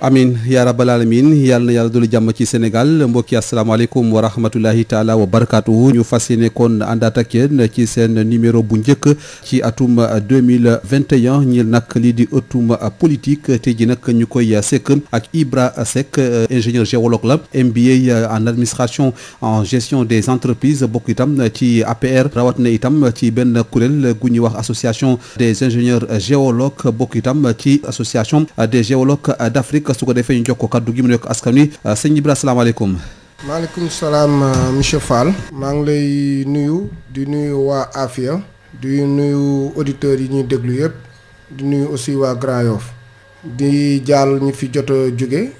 amin yaa rabbal alamin yàlla na yàlla dolu jàmm ci sénégal mbokki asalaamaaleykum wa rahmatullahi taala wa barakaatuhu ñu fas yéene kon àndaat ak yéen ci seen numéro bu njëkk ci atum 2021 ñi nag lii di ëttum politique te ji nag ñu koy sekk ak Ibra Seck ingénieur géologue la MBA en administration en gestion des entreprises bokk itam ci APR rawat na itam ci benn kuréel gu ñuy wax association des ingénieurs géologues bokk itam ci association des géologues d'Afrique Afrique su ko defee ñu jox ko kaddu gi mu nekk askan wi euh, sëñ Ibra asalaamaaleykum. maaleykum salaam euh, monsieur Fall. maa ngi lay nuyu di nuyu waa Afia. di nuyu auditeurs yi ñuy déglu yëpp. di nuyu aussi waa Grand Yoff di jàll ñu fi jot a jóge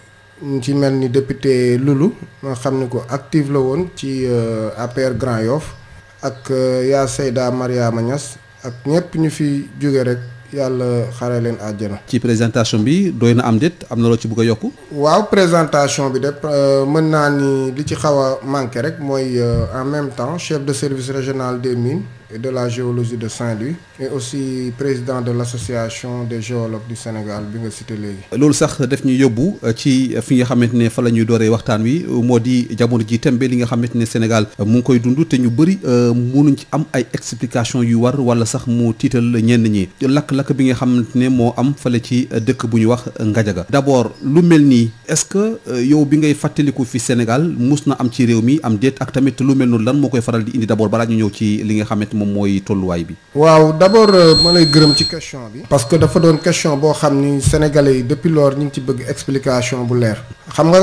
ñu ci mel ni député Loulou nga xam ni ko active la woon ci euh, APR Grand yoof ak yaa Seyda Mariama Niass ak ñëpp ñu fi jóge rek. yàlla xare leen àjjana. ci présentation bi doy na am déet am na loo ci bëgg a yokku. waaw présentation bi de euh, mën naa ni li ci xaw a manqué rek mooy euh, en même temps chef de service régional des mines. de la géologie de Saint-Louis et aussi président de l'association des géologue du Sénégal bi nga cité léegi. loolu sax def ñu yóbbu euh, ci euh, fi nga xamante ne fa la ñuy dooree waxtaan wi euh, moo di jamono ji tembe li nga xamante ne Sénégal mu ngi koy dund te ñu bëri mënuñ ci am ay explication yu war wala sax mu tiital ñenn ñi lakk-lakk bi nga xamante ne moo am fale ci dëkk bu ñu wax Ngadiaga d'abord lu mel nii est-ce que yow bi ngay fàttaliku fi Sénégal mus na am ci mi am ak tamit lu mel lan moo koy faral di indi d'abord balaa ñu ñëw ci li nga xamante moom mooy tolluwaay bi. waaw d' abord euh, ma lay gërëm ci question bi. parce que dafa doon question boo xam ni sénégalais yi depuis lors ñu ngi ci bëgg explication bu leer. xam nga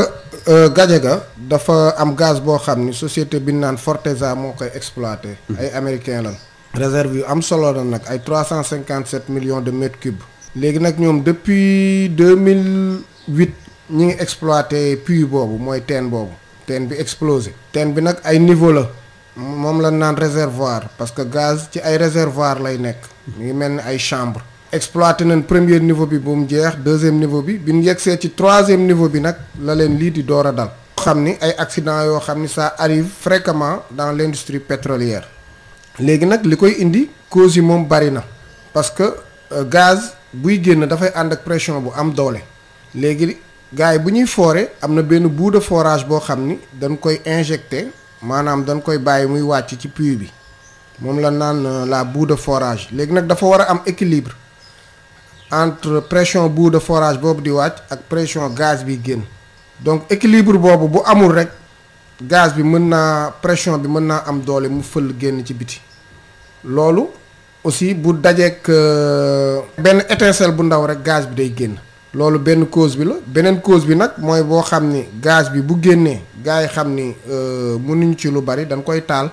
euh, ga dafa am gaz boo xam ni société bi naan Forteza moo koy exploité. Mm-hmm. ay américain la réserve yu am solo la nag ay trois cent cinquante sept million de mètres cubes. léegi nag ñoom depuis deux mille huit ñu ngi exploité puits boobu mooy teen boobu. teen bi explosé. teen bi nag ay niveau la. moom la naan réservoir parce que gaz ci ay réservoir lay nekk mu ngi mel ni ay chambre exploité nañ premier niveau bi bu mu jeex deuxième niveau bi bi ñu yegsee ci troisième niveau bi nag la leen lii di door a dal xam ni ay accident yoo xam ni ça arrive fréquemment dans l'industrie pétrolière léegi nag li koy indi cause yi moom bari na parce que euh, gaz buy génn dafay ànd ak pression bu am doole léegi gars yi bu ñuy foore am na benn bout de forage boo xam ni dañ koy injecté maanaam dañ koy bàyyi muy wàcc ci puits bi moom la naan euh, la boue de forage léegi nag dafa war a am équilibre entre pression boue de forage boobu di wàcc ak pression gaz bi génn donc équilibre boobu bu amul rek gaz bi mën naa pression bi mën naa am doole mu fël génn ci biti loolu aussi bu dajeek euh, benn étincelle bu ndaw rek gaz bi day génn loolu benn cause bi la beneen cause bi nag mooy boo xam ni gaz bi bu génnee gars yi xam ni euh, mënuñ ci lu bari dañ koy taal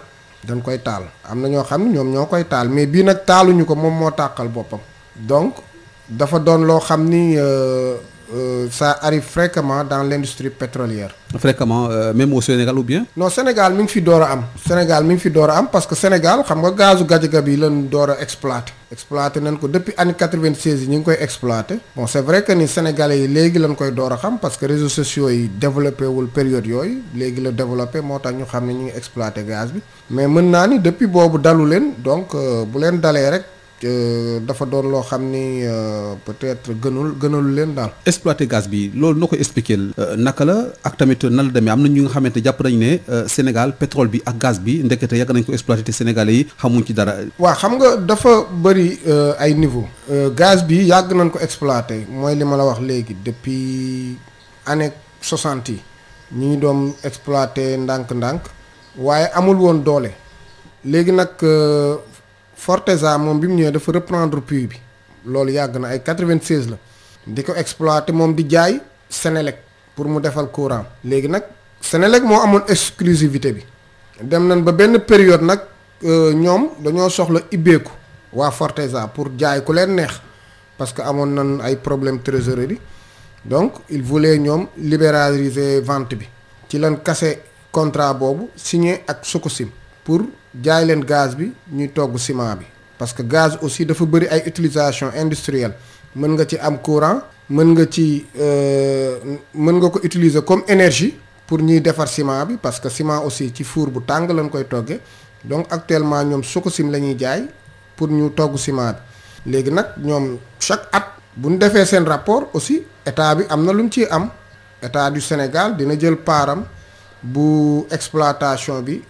dañ koy taal am na ñoo xam ne ñoom ñoo koy taal mais bii nag taaluñu ko moom moo tàqal boppam donc dafa doon loo xam ni euh, euh, ça arrive fréquemment dans l'industrie pétrolière. fréquemment euh, même au Sénégal ou bien. non Sénégal mi ngi fi door a am Sénégal mi ngi fi door a am parce que Sénégal xam nga gazu Gadiaga bi lañ door a exploité. exploité nañ ko depuis année 96 yi ñu ngi koy exploité bon c' est vrai que ni Sénégalais yi léegi lañ koy door a xam parce que réseaux sociaux yi développé wul période yooyu léegi la développé moo tax ñu xam ne ñu ngi exploité gaz bi mais mën naa ni depuis boobu dalu leen donc euh, bu leen dalee rek. dafa doon loo xam ni euh, peut-être gënul gënalu leen daal. exploiter gaz bi loolu noo ko expliquer euh, naka la ak tamit nan la demee am na ñu nga xamante jàpp nañ ne euh, Sénégal pétrole bi ak gaz bi ndekete yàgg nañ ko exploiter te Sénégalais yi xamuñ ci dara. waa xam nga dafa bëri ay niveau. gaz bi yàgg nañ ko exploiter mooy li ma la wax léegi depuis année soixante yi ñu ngi doon exploiter ndànk-ndànk waaye amul woon doole léegi nag. Forteza moom bi mu ñëwee dafa reprendre puits bi loolu yàgg na ay 96 la di ko exploiter moom di jaay Senelec pour mu defal courant léegi nag Senelec moo amoon exclusivité bi dem nañ ba benn période nag euh, ñoom dañoo soxla ibbeeku waa Forteza pour jaay ku leen neex parce que amoon nañ ay problème trésorerie donc il voulait ñoom libéraliser vente bi ci leen kase contrat boobu signé ak Sococim pour jaay leen gaz bi ñuy togg ciment bi parce que gaz aussi dafa bëri ay utilisation industrielle mën nga ci am courant mën nga ci euh, mën nga ko utiliser comme énergie pour ñuy defar ciment bi parce que ciment aussi ci four bu tàng lañ koy toggee donc actuellement ñoom Sococim la ñuy jaay pour ñu togg ciment bi léegi nag ñoom chaque at bu ñu defee seen rapport aussi état bi am na lu mu ciy am état du Sénégal dina jël paaram bu exploitation bi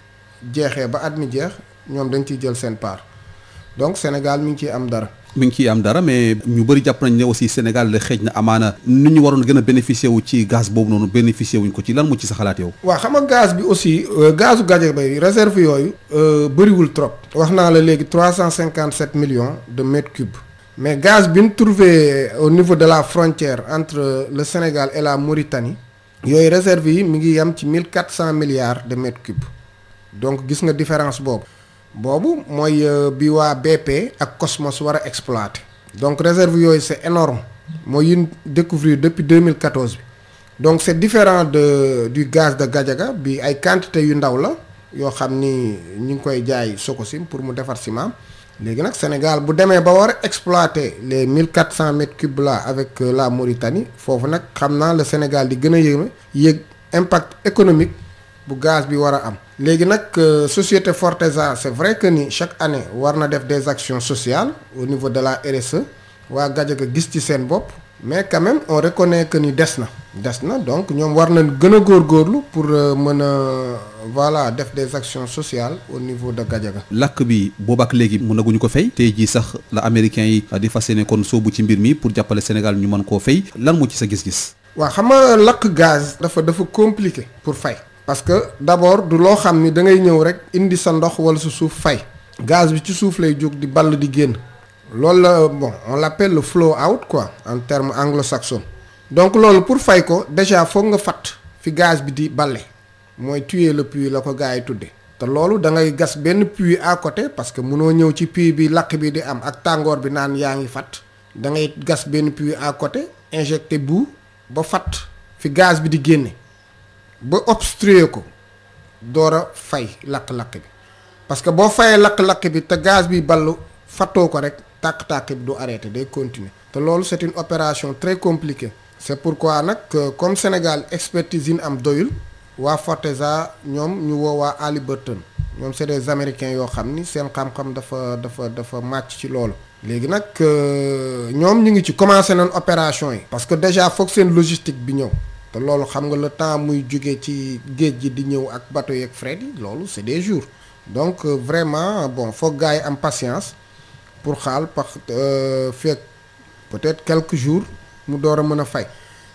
jeexee ba at mi jeex ñoom dañ ciy jël seen part donc Sénégal mi ngi ciy am dara. mi ngi ciy am dara mais ñu bëri jàpp nañ ne aussi Sénégal la xeej na amaana ni ñu waroon gën a bénéficier wu ci gaz boobu noonu bénéficier wuñ ko ci lan mu ci sa xalaat yow. waa xam nga gaz bi aussi euh, gazu Gadiaga yi réserve yooyu. Euh, bëriwul trop. wax naa la léegi trois cent cinquante sept millions de mètres cubes. mais gaz bi ñu trouvé niveau de la frontière entre le Sénégal et la Mauritanie. yooyu réserve yi mi ngi yam ci mille quatre cent milliards de mètres cubes. donc gis nga différence boobu boobu mooy euh, bi waa BP ak Cosmos war a exploité donc réserve yooyu c'est énorme mooy yin découvrir depuis deux 2014 bi donc c'est différent de du gaz de Gadiaga bi ay quantité yu ndaw la yoo xam ni ñu ngi koy jaay Sococim pour mu defar ciment léegi nag Sénégal bu demee ba war a exploiter les 1400 mètres cubes là avec euh, la Mauritanie foofu nag xam naa le Sénégal di gën a yéeme yéeg impact économique bu gaz bi war a am léegi nag euh, société Forteza c'est vrai que ni chaque année war na def des actions sociales au niveau de la RSE waa Gadiaga gis ci seen bopp mais quand même on reconnaît que ni des na des na donc ñoom war nañ gën a góor góorgóorlu pour euh, mën a voilà def des actions sociales au niveau de Gadiaga lakk bi boobaak léegi mënaguñu ko fay tey jii sax la américain yi di fas yéene kon soobu ci mbir mi pour jàppale Sénégal ñu mën koo fay lan moo ci sa gis-gis waaw xam nga lakk gaz dafa dafa compliqué pour fay parce que d'abord du loo xam ni dangay ñëw rek indi sa ndox wala sa suuf fay gaz bi ci suuf lay jóg di ball di génn loolu la bon on l'appelle flow out quoi en terme anglo-saxon donc loolu pour fay ko déjà foog nga fatt fi gaz bi di balle mooy tuer le puits la ko gars yi tudde te loolu da ngay gas benn puits à côté parce que mënoo ñëw ci puits bi lakk bi di am ak tàngoor bi naan yaa ngi fatt da ngay gas benn puits à côté injecté bu ba fatt fi gaz bi di génne ba obstruer ko door a fay lakk-lakk bi parce que boo fayee lakk-lakk bi te gaz bi ballu fattoo ko rek tàkk-tàkk bi du arrêté day continuer te loolu c'est une opération très compliquée c'est pourquoi nag comme Sénégal expertise yi am doyul waa Forteza ñoom ñu woowaa waa Halliburton ñoom c'est des américains yoo xam ni seen xam-xam dafa dafa dafa màcc ci loolu léegi nag euh, ñoom ñu ngi ci commencé nañ opération yi parce que déjà foog seen logistique bi ñëw te loolu xam nga la temps muy jóge ci géej gi di ñëw ak bateau yeeg fret yi loolu c'est des jours donc euh, vraiment bon foog gars yi am patience pour xaal pax euh, fekk peut-être quelque jours mu door a mën a fay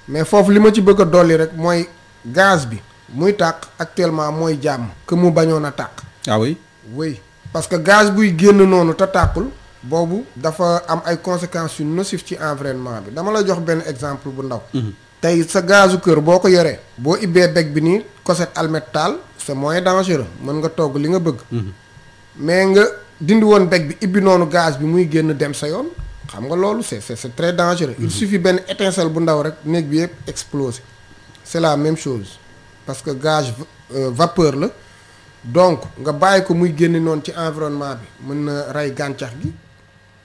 mais foofu li ma ci bëgg a dolli rek mooy gaz bi muy tàq actuellement mooy jàmm que mu bañoon a tàq ah oui oui parce que gaz buy génn noonu te tàqul boobu dafa am ay conséquences yu nocif ci environnement bi dama la jox benn exemple bu ndaw mhm. tey sa gazu kër boo ko yoree boo ibbee beg bi nii cosette almet taal c'est moins dangereux mën nga togg li nga bëgg mhm. mais nga dindi woon beg bi ibbi noonu gaz bi muy génn dem sa yoon xam nga loolu c'est c'est très dangereux il mhm. suffit benn étincelle bu ndaw rek néeg bi yëpp explosé c'est la même chose parce que gaz euh, vapeur la donc nga bàyyi ko muy génn noonu ci environnement bi mën na rey gàncax gi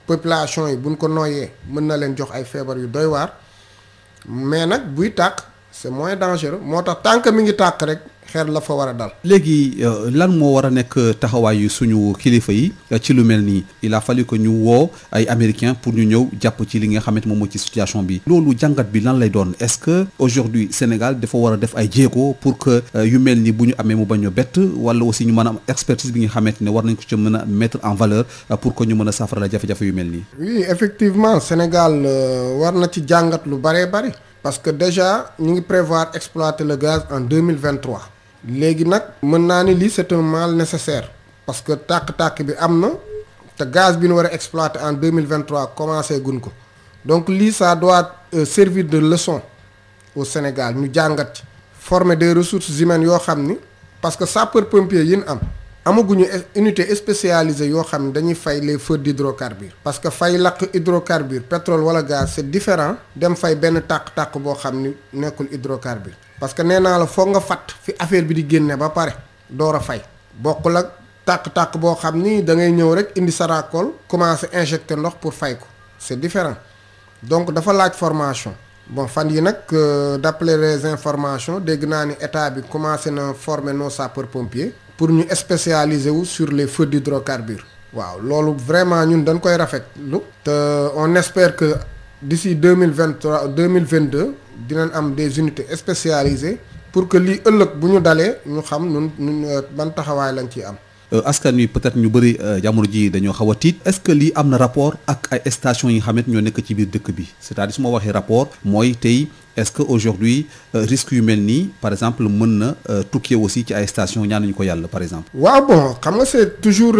population yi buñ ko noyee mën na leen jox ay feebar yu doy waar mais nag buy tàkk c'est moins dangereux moo tax tant que mi ngi tàkk rek xeer la fa war a dal. léegi euh, lan moo war a nekk euh, taxawaayu suñu kilifa yi euh, ci lu mel nii il a fallu que ñu woo ay américains pour ñu ñëw jàpp ci li nga xamante moom moo ci situation bi. loolu jàngat bi lan lay doon est-ce que aujourd'hui Sénégal dafa war a def ay jéego pour que yu mel ni bu ñu amee mu bañ a bett wala aussi ñu mën a am expertise bi nga xamante ne war nañ ko ci mën a mettre en valeur pour que ñu mën a saafara la jafe-jafe yu mel nii. oui effectivement Sénégal war na ci jàngat lu bare bare parce que déjà ñu ngi prévoir exploiter le gaz en mille vingt léegi nag mën naa ni lii c'est un mal nécessaire parce que tàkk-tàkk bi am na te gaz bi ñu war a exploiter en 2023 commencé gun ko donc lii ça doit euh, servir de leçon au Sénégal ñu jàngat ci former de ressources humaines yoo xam ni parce que sapeur pompier yi ñu am amaguñu unité spécialisée yoo xam ne dañuy fay les feux d'hydrocarbures parce que fay lakk hydrocarbure pétrole wala gaz c'est différent dem fay benn tàq-tàq boo xam ni nekkul hydrocarbure parce que nee naa la foog nga fàtt fi affaire bi di génne ba pare door a fay bokkul ak tàkk-tàkk boo xam ni da ngay ñëw rek indi sa raakool commencé injecter ndox pour fay ko c'est différent donc dafa laaj formation bon fan yi nag euh, d'après les informations dégg naa ni état bi commencé na former nos sapeurs-pompiers pour ñu spécialiser wu sur les feux d'hydrocarbures waaw loolu vraiment ñun dañ koy rafetlu te on espère que d'ici deux mille vingt trois deux mille vingt deux dinañ am des unités spécialisées pour que lii ëllëg bu ñu dalee ñu xam ñun ñun euh, ban taxawaay lañ ci am. Euh, askan wi peut-être ñu bëri euh, jamono ji dañoo xaw a tiit est-ce que lii am na rapport ak ay stations yi nga xam ne ñoo nekk ci biir dëkk bi c'est-à-dire su ma waxee rapport mooy tey est que aujourd'hui risque yu mel nii par exemple mën na tukkee aussi ci ay station stations ñaanuñu ko yàlla par exemple. waaw bon xam nga c'est toujours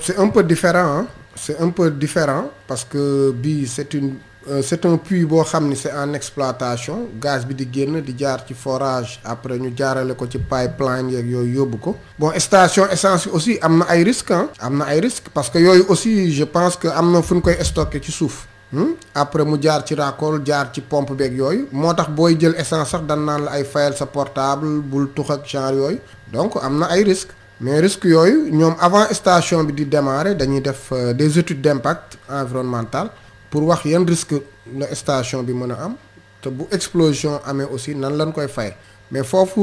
c'est un peu différent hein c'est un peu différent parce que bii c'est une. Euh, c'est un puits boo xam ni c'est en exploitation gaz bi di génn di jaar ci forage après ñu jaarale ko ci pipeline yeeg yooyu yóbbu ko bon station essence aussi am na ay risques am na ay risques parce que yooyu aussi je pense que am na fu ñu koy stocké ci suuf hmm? après mu jaar ci raccord jaar ci pompe beeg yooyu moo tax booy jël essence sax dan naan la ay fayal sa portable bul tux ak genre yooyu donc am na ay risques mais risque yooyu ñoom avant station bi di démarrer dañuy def euh, des études d'impact environnemental pour wax yan risque la station bi mën a am te bu explosion amee aussi nan lañ koy fay mais foofu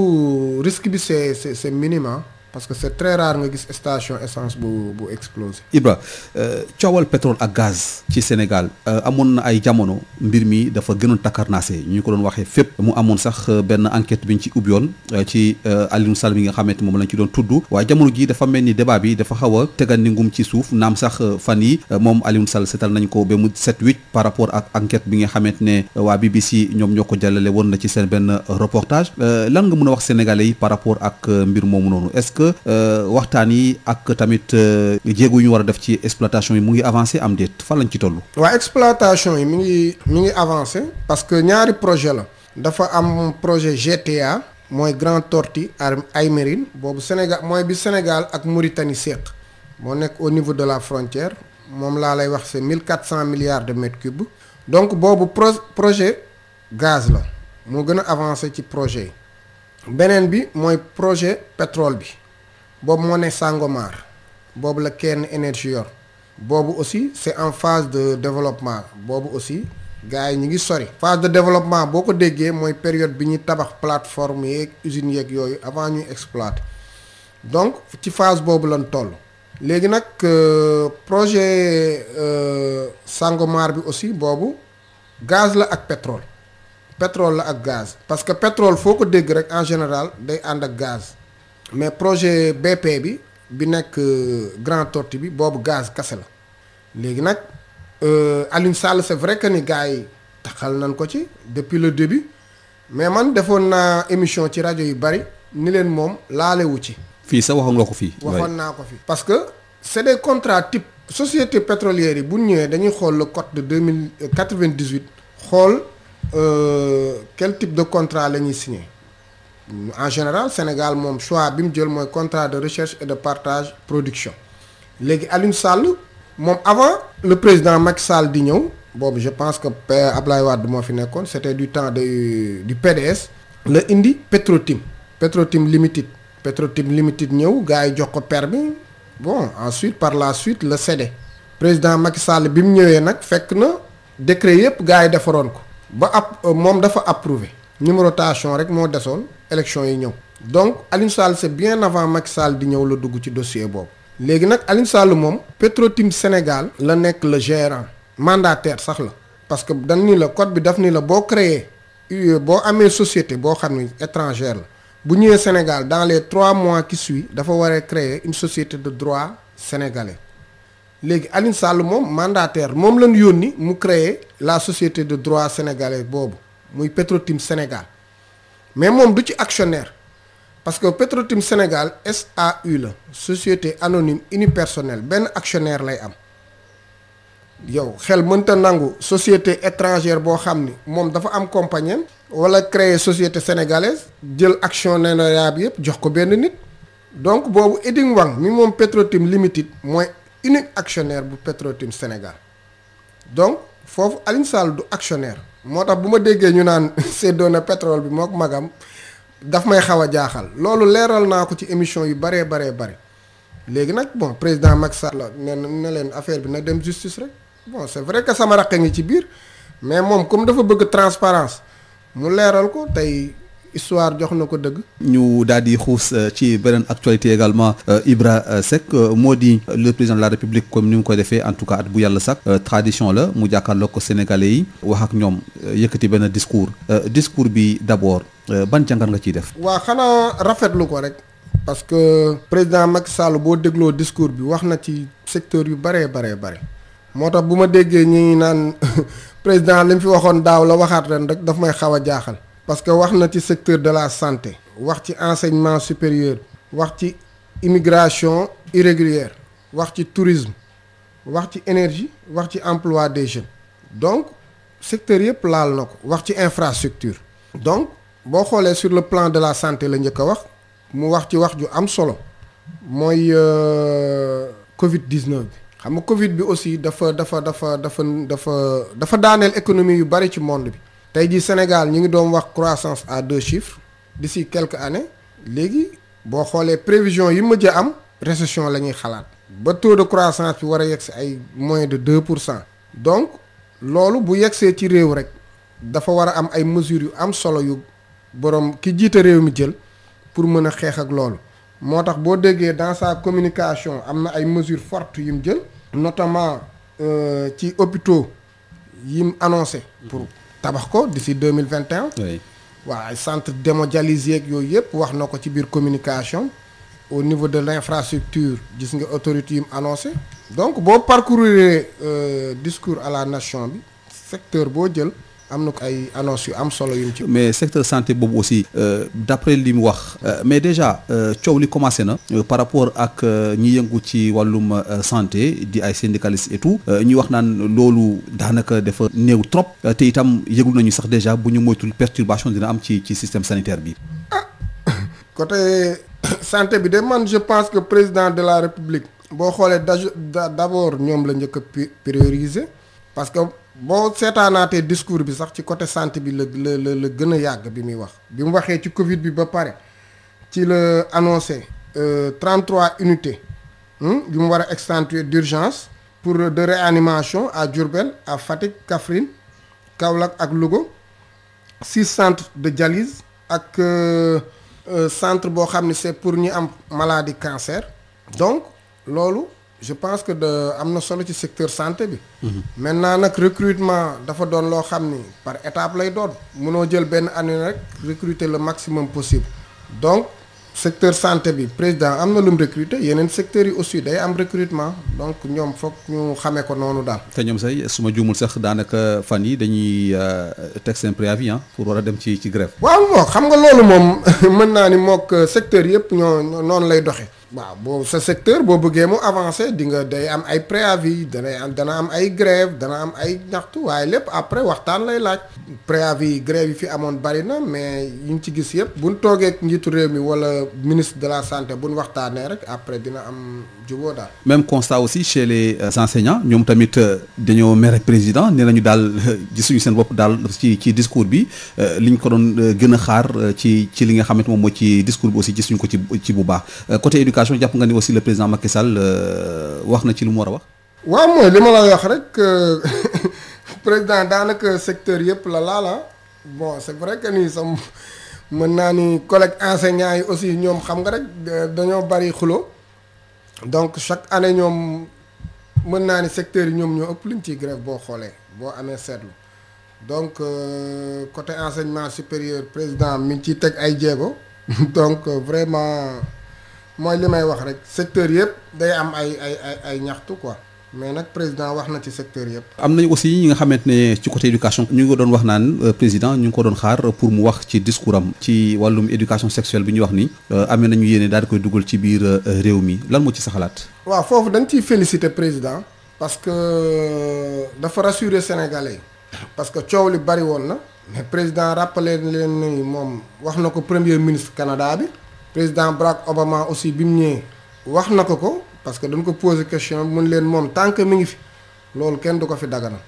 risque bi c'est c'est c'est minime parce que c'est très rare nga gis station essence bu bu explosé. Ibra euh, coowal pétrole ak gaz ci Sénégal euh, amoon na ay jamono mbir mi dafa gënoon takkarnaase ñu ko doon waxee fépp mu amoon sax euh, benn enquête bi ñu ci ubbiwoon ci Alioune Sall xamante moom lañ ci doon tudd waaye jamono ji dafa mel ni débat bi dafa xaw a tegal ci suuf naam sax fan yi moom Alioune Sall seetal nañ ko ba mu set wecc par rapport ak enquête bi nga xamante ne waa BBC ñoom ñoo ko jàllale woon na ci seen benn reportage lan nga mën a wax sénégalais yi par rapport ak mbir moomu noonu est-ce Euh, waxtaan yi ak tamit euh, jéego yu ñu war a def ci exploitation yi mu ngi avancé am déet fan lañ ci toll. waa exploitation yi mi ngi mi ngi avancé parce que ñaari projet la. dafa am projet GTA. mooy Grand torti ay Aymerine boobu Sénégal mooy bi Sénégal ak Mauritanie séq moo nekk au niveau de la frontière moom laa lay wax c'est mille quatre cent milliards de mètres cubes donc boobu pro projet gaz la moo gën a avancé ci projet yi beneen bi mooy projet pétrole bi boobu moo ne Sangomar boobu la kenn énergie yor boobu aussi c'est en phase de développement boobu aussi gars yi ñu ngi sori. phase de développement boo ko déggee mooy période bi ñuy tabax plateforme yeeg usines yeeg yooyu avant ñuy exploiter donc ci phase boobu lañ toll. léegi nag euh, projet euh, Sangomar bi aussi boobu gaz la ak pétrole pétrole la ak gaz parce que pétrole foo ko dégg rek en général day ànd ak gaz. mais projet BP bi bi nekk euh, Grand Tortue bi boobu gaz kase la léegi nag euh, Alioune Sall c'est vrai que ni gars yi taxal nañ ko ci depuis le début mais man defoon naa émission ci rajo yu bari ni leen moom laalewu ci. fii sax waxoon nga ko fii. waxoon naa ko fii parce que c'est des contrat type société pétrolière yi bu ñëwee dañuy xool le code de deux mille quatre-vingt-dix-huit xool euh, quel type de contrat la ñuy signé. en général Sénégal moom choix bi mu jël mooy contrat de recherche et de partage production léegi Alioune Sall moom avant le président Macky Sall di ñëw boobu je pense que Ablaye Wade moo fi nekkoon c'était du temps de du PDS la indi Petrotim Petrotim Limited Petrotim Limited ñëw gars yi jox ko permis bon ensuite par la suite la cédé président Macky Sall bi mu ñëwee nag fekk na décret yëpp gars yi defaroon ko ba ab euh, moom dafa approuvé numérotation rek moo desoon élection yi ñëw donc Alioune Sall c'est bien avant Macky Sall di ñëw la dugg ci dossier boobu léegi nag Alioune Sall moom petro Sénégal la nekk le gérant mandataire sax la parce que dañ ni la code bi daf ni la boo créé euh, boo amee société boo xam ni étrangère la bu ñëwee Sénégal dans les trois mois qui suivent dafa waree a créer une société de droit sénégalais léegi Alioune Sall moom mandataire moom lañ yónni mu créer la société de droit sénégalais boobu muy petro Sénégal mais moom du ci actionnaire parce que Petro-Tim Sénégal SAU la société anonyme unipersonnelle benn actionnaire lay am yow xel mënta nangu société étrangère boo xam ni moom dafa am compagnie wala créer société sénégalaise jël actionnariat bi yëpp jox ko benn nit donc boobu Eding Wang mi moom Petro-Tim Limited mooy unique actionnaire bu petro Sénégal donc foofu Alioune du actionnaire moo tax bu ma déggee ñu naan séddoo na pétrole bi mook magam daf may xaw a jaaxal loolu leeral naa ko ci émission yi baree baree bare léegi nag bon président Macky Sall ne ne leen affaire bi na dem justice rek bon c'est vrai que sama raq ngi ci biir mais moom comme dafa bëgg transparence mu leeral ko tey histoire jox na ko dëgg. ñu daal di xuus euh, ci beneen actualité également euh, Ibra euh, Seck moo di le président de la république comme ni mu koy defee en tout cas at bu yàlla sax tradition la mu jàkkaarloo ko sénégalais yi wax ak ñoom yëkkati benn discours discours bi d'abord ban jàngat nga ciy def. waa xanaa rafetlu ko rek. parce que président Macky Sall boo dégloo discours bi wax na ci secteur yu bëree baree bëri moo tax bu ma déggee ñu ngi naan président li mu fi waxoon daaw la waxaat ren rek daf may xaw a jaaxal. parce que wax na ci secteur de la santé wax ci enseignement supérieur wax ci immigration irrégulière wax ci tourisme wax ci énergie wax ci emploi des jeunes donc secteur yëpp laal na ko wax ci infrastructure donc boo xoolee sur le plan de la santé la njëkk a wax mu wax ci wax ju am solo mooy euh, Covid 19 bi xam nga Covid bi aussi dafa dafa dafa dafa dafa dafa daaneel économie yu bari ci monde bi tey jii Sénégal ñu ngi doon wax croissance à deux chiffres si quelques année léegi boo xoolee prévision yi mujj a am récession la ñuy xalaat ba taux de croissance bi war a yegg si ay moins de deux pour cent donc loolu bu yegsee ci réew rek dafa war a am ay mesures yu am solo yu borom ki jiite réew mi jël pour mën a xeex ak loolu moo tax boo déggee dans sa communication am na ay mesures fortes yu mu jël notamment euh, ci hôpitaux yi mu annoncé pour tabax ko d'ici deux mille vingt et un. waaw ay centre démodialisé yooyu yëpp wax na ko ci biir communication. au niveau de l' infrastructure gis nga autorité yu mu annoncé. donc boo parcourir euh, discours à la nation bi secteur boo jël. am na ko ay annonce yu am solo yu ci. mais secteur santé boobu aussi euh, d'après li mu wax euh, mais déjà euh, coow li commencé na par rapport ak ñi yëngu ci wàllum santé di ay syndicalistes et tout ñu wax naan loolu daanaka dafa néew trop te itam yëgul nañu sax déjà bu ñu moytul perturbation dina am ci ci système sanitaire bi. ah côté santé bi de man je pense que président de la république boo xoolee d'abord ñoom la njëkk a prioriser boo seetaanaatee discours bi sax ci côté santé bi la la la gën a yàgg bi muy wax bi mu waxee ci Covid bi ba pare ci la annoncé 33 euh, unités bi hmm, mu war a extentuer d'urgence pour de réanimation à Diourbel à Fatick Kaffrine Kaolack ak Louga six centre de dialyse ak euh, euh, centre boo xam ne c'est pour ñi am maladie cancer donc loolu je pense que de am na solo ci secteur santé bi. maintenant nag recrutement dafa doon loo xam ni par étape lay doon munoo jël benn année rek recruter le maximum possible donc secteur santé bi président am na lum recruter yeneen secteurs yi aussi day am recrutement donc ñoom foog ñu xamee ko noonu daal. te ñoom say su ma juumul sax daanaka fan yi dañuy euh, teg seen préavis ah pour war a dem ci ci grève. waaw waaw xam nga loolu moom mën naa ni mook secteur yëpp ñoo noonu lay doxee. waaw boo sa secteur boo bëggee mu avancé di nga day am ay préavis danay am dana am ay grève dana am ay ñaxtu waaye lépp après waxtaan lay laaj préavis grève yi fi amoon bari na mais yi ñu ci gis yëpp buñ toogee njiitu réew mi wala ministre de la santé buñ waxtaanee rek après dina am juboo daal même constat aussi chez les euh, enseignants ñoom tamit euh, dañoo mere président nee nañu daal gisuñu seen bopp daal ci ci discours bi euh, li ñu ko doon gën a xaar ci ci li nga xamante moom mooy ci discours bi aussi gisuñu ko ci ci bu baax côté éducation jàpp nga ni aussi le président Macky wax na ci lu mu war a wax. waaw mooy li ma la wax rek président daanaka secteur yëpp la laala ah. bon c'est vrai que nii sam mën naa ni collègue enseignants yi aussi ñoom xam nga rek dañoo bari xulo donc chaque année ñoom mën naa ni secteurs yi ñoom ñoo ëpp luñ ciy grève boo xoolee boo amee seetlu donc euh, côté enseignement supérieur président mi ngi ciy teg ay jéego donc euh, vraiment mooy li may wax rek secteur yëpp day am ay ay ay ay ñaxtu quoi mais nag président wax na ci secteur yëpp. am nañu aussi ñi nga xamante ne ci côté éducation. ñu ngi ko doon wax naan euh, président ñu ngi ko doon xaar pour mu wax ci discours am. ci wàllum éducation sexuelle bi ñu wax ni. Euh, amee nañu yéene daal di koy dugal ci biir euh, réew mi lan moo ci sa xalaat. waaw foofu dañ ciy féliciter président. parce que dafa rassurer sénégalais. parce que coow li bari woon na. mais président rappelé leen ni moom wax na ko premier ministre Canada bi. président Barack Obama aussi bi mu ñëwee. wax na ko ko. parce que dañ ko posé question mun leen moom tant que mi ngi fi loolu kenn du ko fi daganal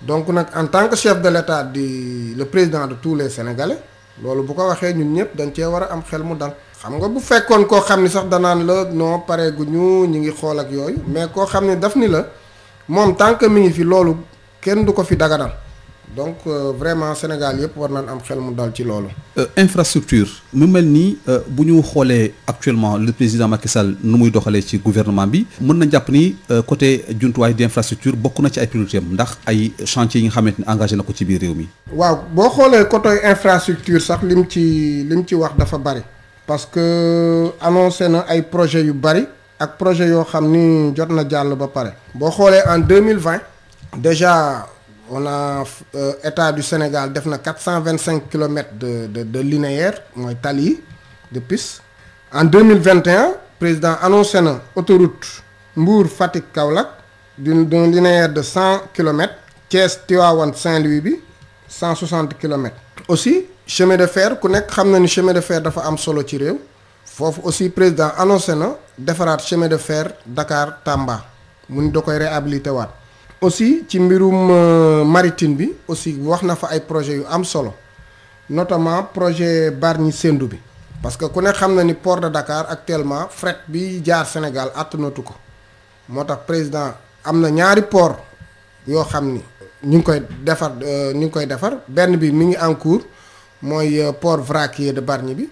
donc nag en tant que chef de l'État di le président de tous les Sénégalais loolu bu ko waxee ñun ñëpp dañ cee war a am xel mu dal. xam nga bu fekkoon koo xam ni sax danaan la non pare gu ñu ñu ngi xool ak yooyu mais koo xam ne daf ni la moom tant que mi ngi fi loolu kenn du ko fi daganal. donc euh, vraiment Sénégal yëpp war naan am xel mu dal ci loolu. Euh, infrastructure mu mel nii euh, bu ñu xoolee actuellement le président Macky Sall nu muy doxalee ci gouvernement bi mun na jàpp ni côté jumtuwaay d' infrastructure bokk na ci ay priorité am ndax ay chantier yi nga xamante ni engagé na ko ci biir réew mi. waaw boo xoolee côté infrastructure sax lim ci lim ci wax dafa bari parce que annoncé na ay projet yu bari ak projet yoo xam ni jot na jàll ba pare. boo xoolee en deux mille vingt déjà. on a euh, état du Sénégal def na quatre cent vingt cinq kilomètres de de de linéaire mooy tali de piste. en deux mille vingt et président annoncé na autoroute Mbour Fatick Kaolack d'une d'un linéaire de cent kilomètres Thiès Tivaouane Saint-Louis bi cent soixante kilomètres. aussi chemin de fer ku nekk xam na ni chemin de fer dafa am solo ci réew. foofu aussi président annoncé na defaraat chemin de fer Dakar Tamba mu ni da koy réhabilité waat. aussi ci mbirum euh, maritime bi aussi wax na fa ay projet yu am solo notamment projet Bargny Sendou bi parce que ku ne xam na ni port de Dakar actuellement fret bi jaar Sénégal àttanatu ko moo tax président am na ñaari port yoo xam ni ñu ngi koy defar euh, ñu ngi koy defar benn bi mi ngi en cours mooy euh, port vraquier de Bargny bi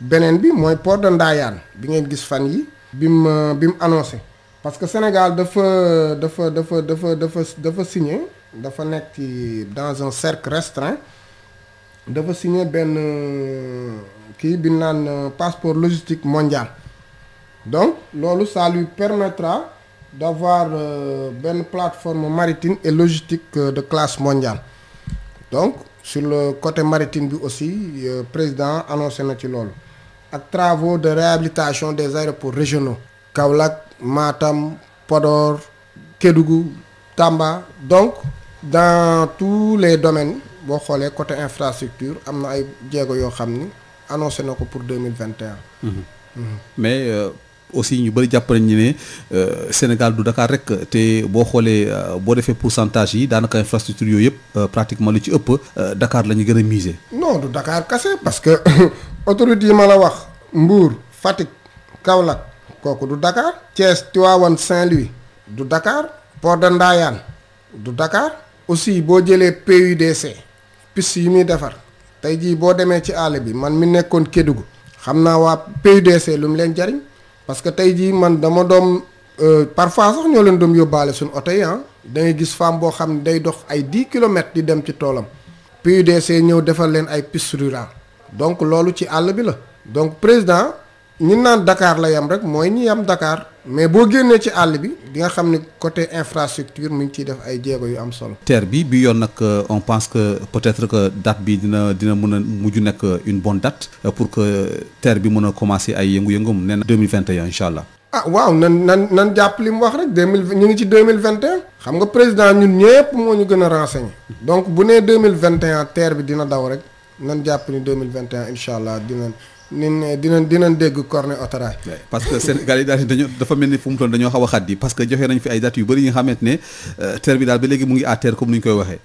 beneen bi mooy port de ndaayaan bi ngeen gis fan yi bi mu bi mu annoncé parce que Sénégal dafa dafa dafa dafa dafa dafa signé dafa nekk ci dans un cercle restreint dafa signé benn kii bi naan passeport logistique mondial donc loolu ça lui permettra d'avoir euh, benn plateforme maritime et logistique euh, de classe mondiale donc sur le côté maritime bi aussi euh, président annoncé na ci loolu ak travaux de réhabilitation des aéroports régionaux Kaolack Matam Podor Kédougou Tamba donc dans tous les domaines boo xoolee côté infrastructure am na ay jéego yoo xam ni annoncé na ko pour deux mille vingt et mhm. Mhm. mais euh... aussi ñu bëri jàpp ñu ne euh, Sénégal du Dakar rek te boo xoolee euh, boo defee pourcentage yi daanaka infrastructure yooyu yëpp euh, pratiquement lu ci ëpp Dakar la ñu gën a miser. non du Dakar kese parce que autorité yi ma la wax Mbour Fatick Kaolack kooku du Dakar Thiès tiwaawan Saint-Louis du Dakar Port de Ndayane du Dakar aussi boo jëlee de PUDC piste yi muy defar tey jii boo demee ci àll bi man mi nekkoon Kédougou xam naa waa PUDC lu mu leen jariñ parce que tey jii man dama doom euh, parfois sax ñoo leen doom yóbbaale suñ oto yi ah. dangay gis femme boo xam ne day dox ay dix kilomètres di dem ci toolam PUDC ñëw defal leen ay piste rurale donc loolu ci àll bi la donc président ñi naan dakaar la yam rek mooy ñi yam dakaar mais boo génnee ci àll bi di nga xam ne côté infrastructure mu ngi ciy def ay jéego yu am solo. TER bi bi yoon nag euh, on pense que peut-être que dat bi dina dina mën a mujj nekk euh, une bonne date euh, pour que TER bi mun a commencer ay yëngu-yëngum nee na 2021 incha allah. ah waaw nan nan nan jàpp li mu wax rek deux mille ñu ngi ci deux mille vingt et xam nga président ñun ñëpp moo ñu gën a renseigné donc bu nee deux mille vingt bi dina daw rek nan jàpp ni deux mille vingt et un incha allah nin eh, dinañ dinañ dégg cornet otara parce que Sénégal yi daal dañoo dafa mel ni fu mu toll dañoo xaw a xaddi parce que joxe nañ fi ay dates yu bëri yi nga ne euh, terre bi daal ba léegi mu ngi à terre comme ni ñu koy waxee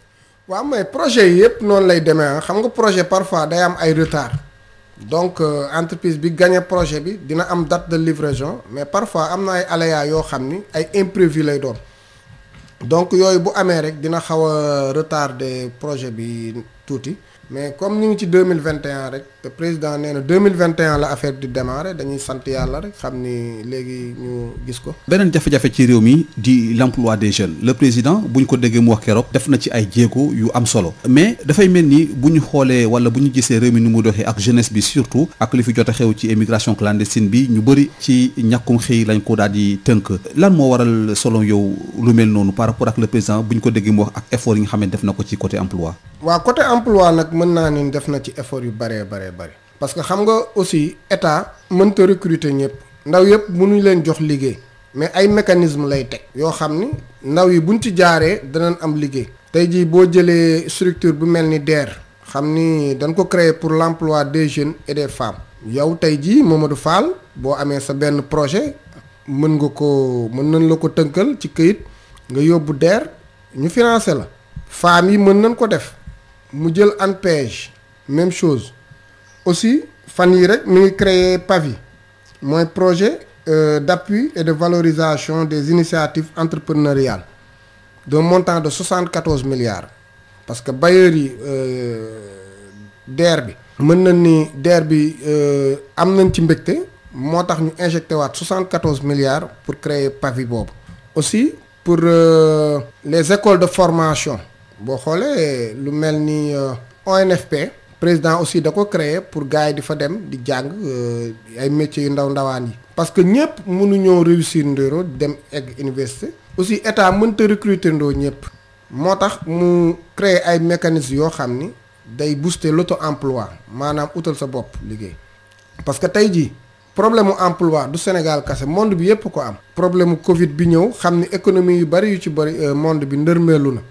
waaw mais projet yi yëpp noonu lay demee ah. xam nga projet parfois day am ay retard donc euh, entreprise bi gañe projet bi dina am date de livraison mais parfois am na ay aléas yoo xam ni ay imprévu lay doon donc yooyu bu amee rek dina xaw a retardé projet bi tuuti mais comme ñu ngi ci deux mille vingt et rek te président nee na 2021 la affaire di démarrer dañuy sant yàlla rek xam ni léegi ñu gis ko. beneen jafe-jafe ci réew mi di l'emploi des jeunes le président buñ ko déggee mu wax keroog def na ci ay jéego yu am solo mais dafay mel ni bu ñu xoolee wala bu ñu gisee réew mi ni mu doxee ak jeunesse bi surtout ak li fi jot a xew ci émigration clandestine bi ñu bëri ci ñàkkum xëy lañ ko daal di tënk lan moo waral solo yow lu mel noonu par rapport ak le président bu ñu ko déggee mu wax ak effort na ko ci côté emploi. waaw côté yu bëree bare bari parce que xam nga aussi état mënta recruter ñëpp ndaw yëpp mënuñ leen jox liggéey mais ay mécanisme lay teg yoo xam ni ndaw yi buñ ci jaaree danan am liggéey tey jii boo jëlee structure bu mel ni DER xam ni dañ ko créer pour l'emploi des jeunes et des femmes yow tey jii Mamadou Fall boo amee sa benn projet mën nga ko mën nañ la ko tënkal ci këyit nga yóbbu DER ñu financé la femmes yi mën nañ ko def mu jël ANPEJ même chose aussi fan yii rek mu ngi créer PAVI mooy projet euh, d'appui et de valorisation des initiatives entrepreneuriales d'un montant de 74 milliards parce que bailleurs yi euh, DER bi mën na ni DER bi euh, am nañ ci mbégte moo tax ñu injecté waat 74 milliards pour créer PAVI boobu aussi pour les écoles de formation boo xoolee lu mel ni ONFP président aussi da ko créer pour gars yi di fa dem di jàng euh, ay métiers yu ndaw ndawaan yi. parce que ñëpp mënuñoo réussir ndoro dem egg université. aussi état mënta recruter ndoo ñëpp. moo tax mu créer ay mécanismes yoo xam ni day booster loto emploi maanaam utal sa bopp liggéey parce que tey jii problème mu emploi du Sénégal kese monde bi yëpp ko am. problème mu Covid bi ñëw xam ni économie yu bari yu ci bari euh, monde bi ndërmeelu na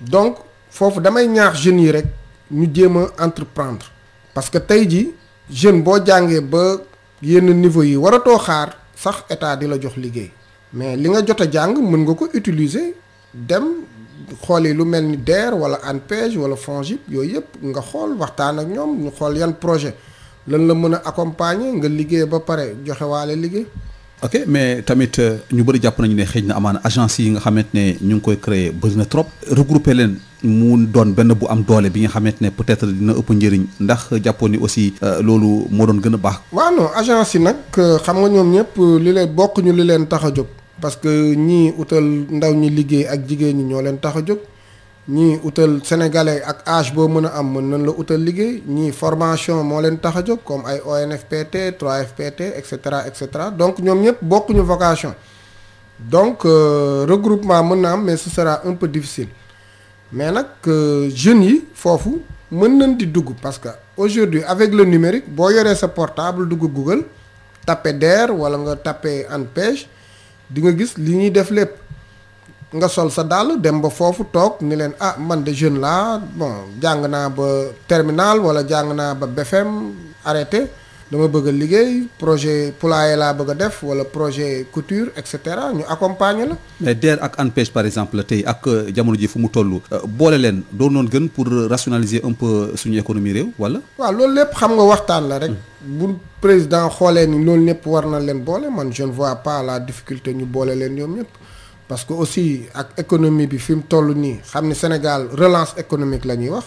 donc foofu damay ñaax jeunes yi rek. ñu jéem a entreprendre parce que tey ji jeune boo jàngee ba yenn niveau yi waratoo xaar sax état di la jox liggéey mais li nga jot jàng mën nga ko utiliser dem xooli lu mel ni DER wala ANPEJ wala FONGIP yooyu yëpp nga xool waxtaan ak ñoom ñu xool yan projet lan la mën a accompagner nga liggéey ba pare joxe waale liggéey ok mais tamit euh, ñu bëri jàpp nañu ne xëy na amaan agence yi nga xamante ne ñu ngi koy créer bëri na trop regrouper leen mu doon benn bu am doole bi nga xamante ne peut-être dina ëpp njariñ ndax jàppoon ni aussi euh, loolu moo doon gën a baax waaw non agence yi nag euh, xam nga ñoom ñëpp li leen bokkuñu li leen tax a jóg parce que ñii utal ndaw ñi liggéey ak jigéen ñi ñoo leen tax a jóg ñii utal sénégalais ak âge boo mën a am mën nañ la utal liggéey ñii formation moo leen tax a jóg comme ay ONFPT 3FPT et cetera et donc ñoom ñëpp bokkuñu vocation donc euh, regroupement mën na am mais ce sera un peu difficile mais nag euh, jeunes yi foofu mën nañ di dugg parce que aujourd'hui avec le numérique boo yoree sa portable dugg Google tapé DER wala nga tapé ANPEJ di nga gis li ñuy def lépp nga sol sa dàll dem ba foofu toog ni leen ah man de jeune laa bon jàng naa ba terminal wala jàng naa ba BFM arrêté dama bëgg a liggéey projet poulailler laa bëgg def wala projet couture et cetera ñu accompagner la. mais DER ak ANPEJ par exemple tey ak euh, jamono ji fu mu toll. Euh, boole leen doon noon gën pour rationaliser un peu suñu économie réew wala. waaw loolu lépp xam nga waxtaan la rek. Hmm. bu président xoolee ni loolu lépp war na leen boole man je ne vois la difficulté ñu boole leen ñoom parce que aussi ak économie bi fi mu toll nii xam ne Sénégal relance économique la ñuy wax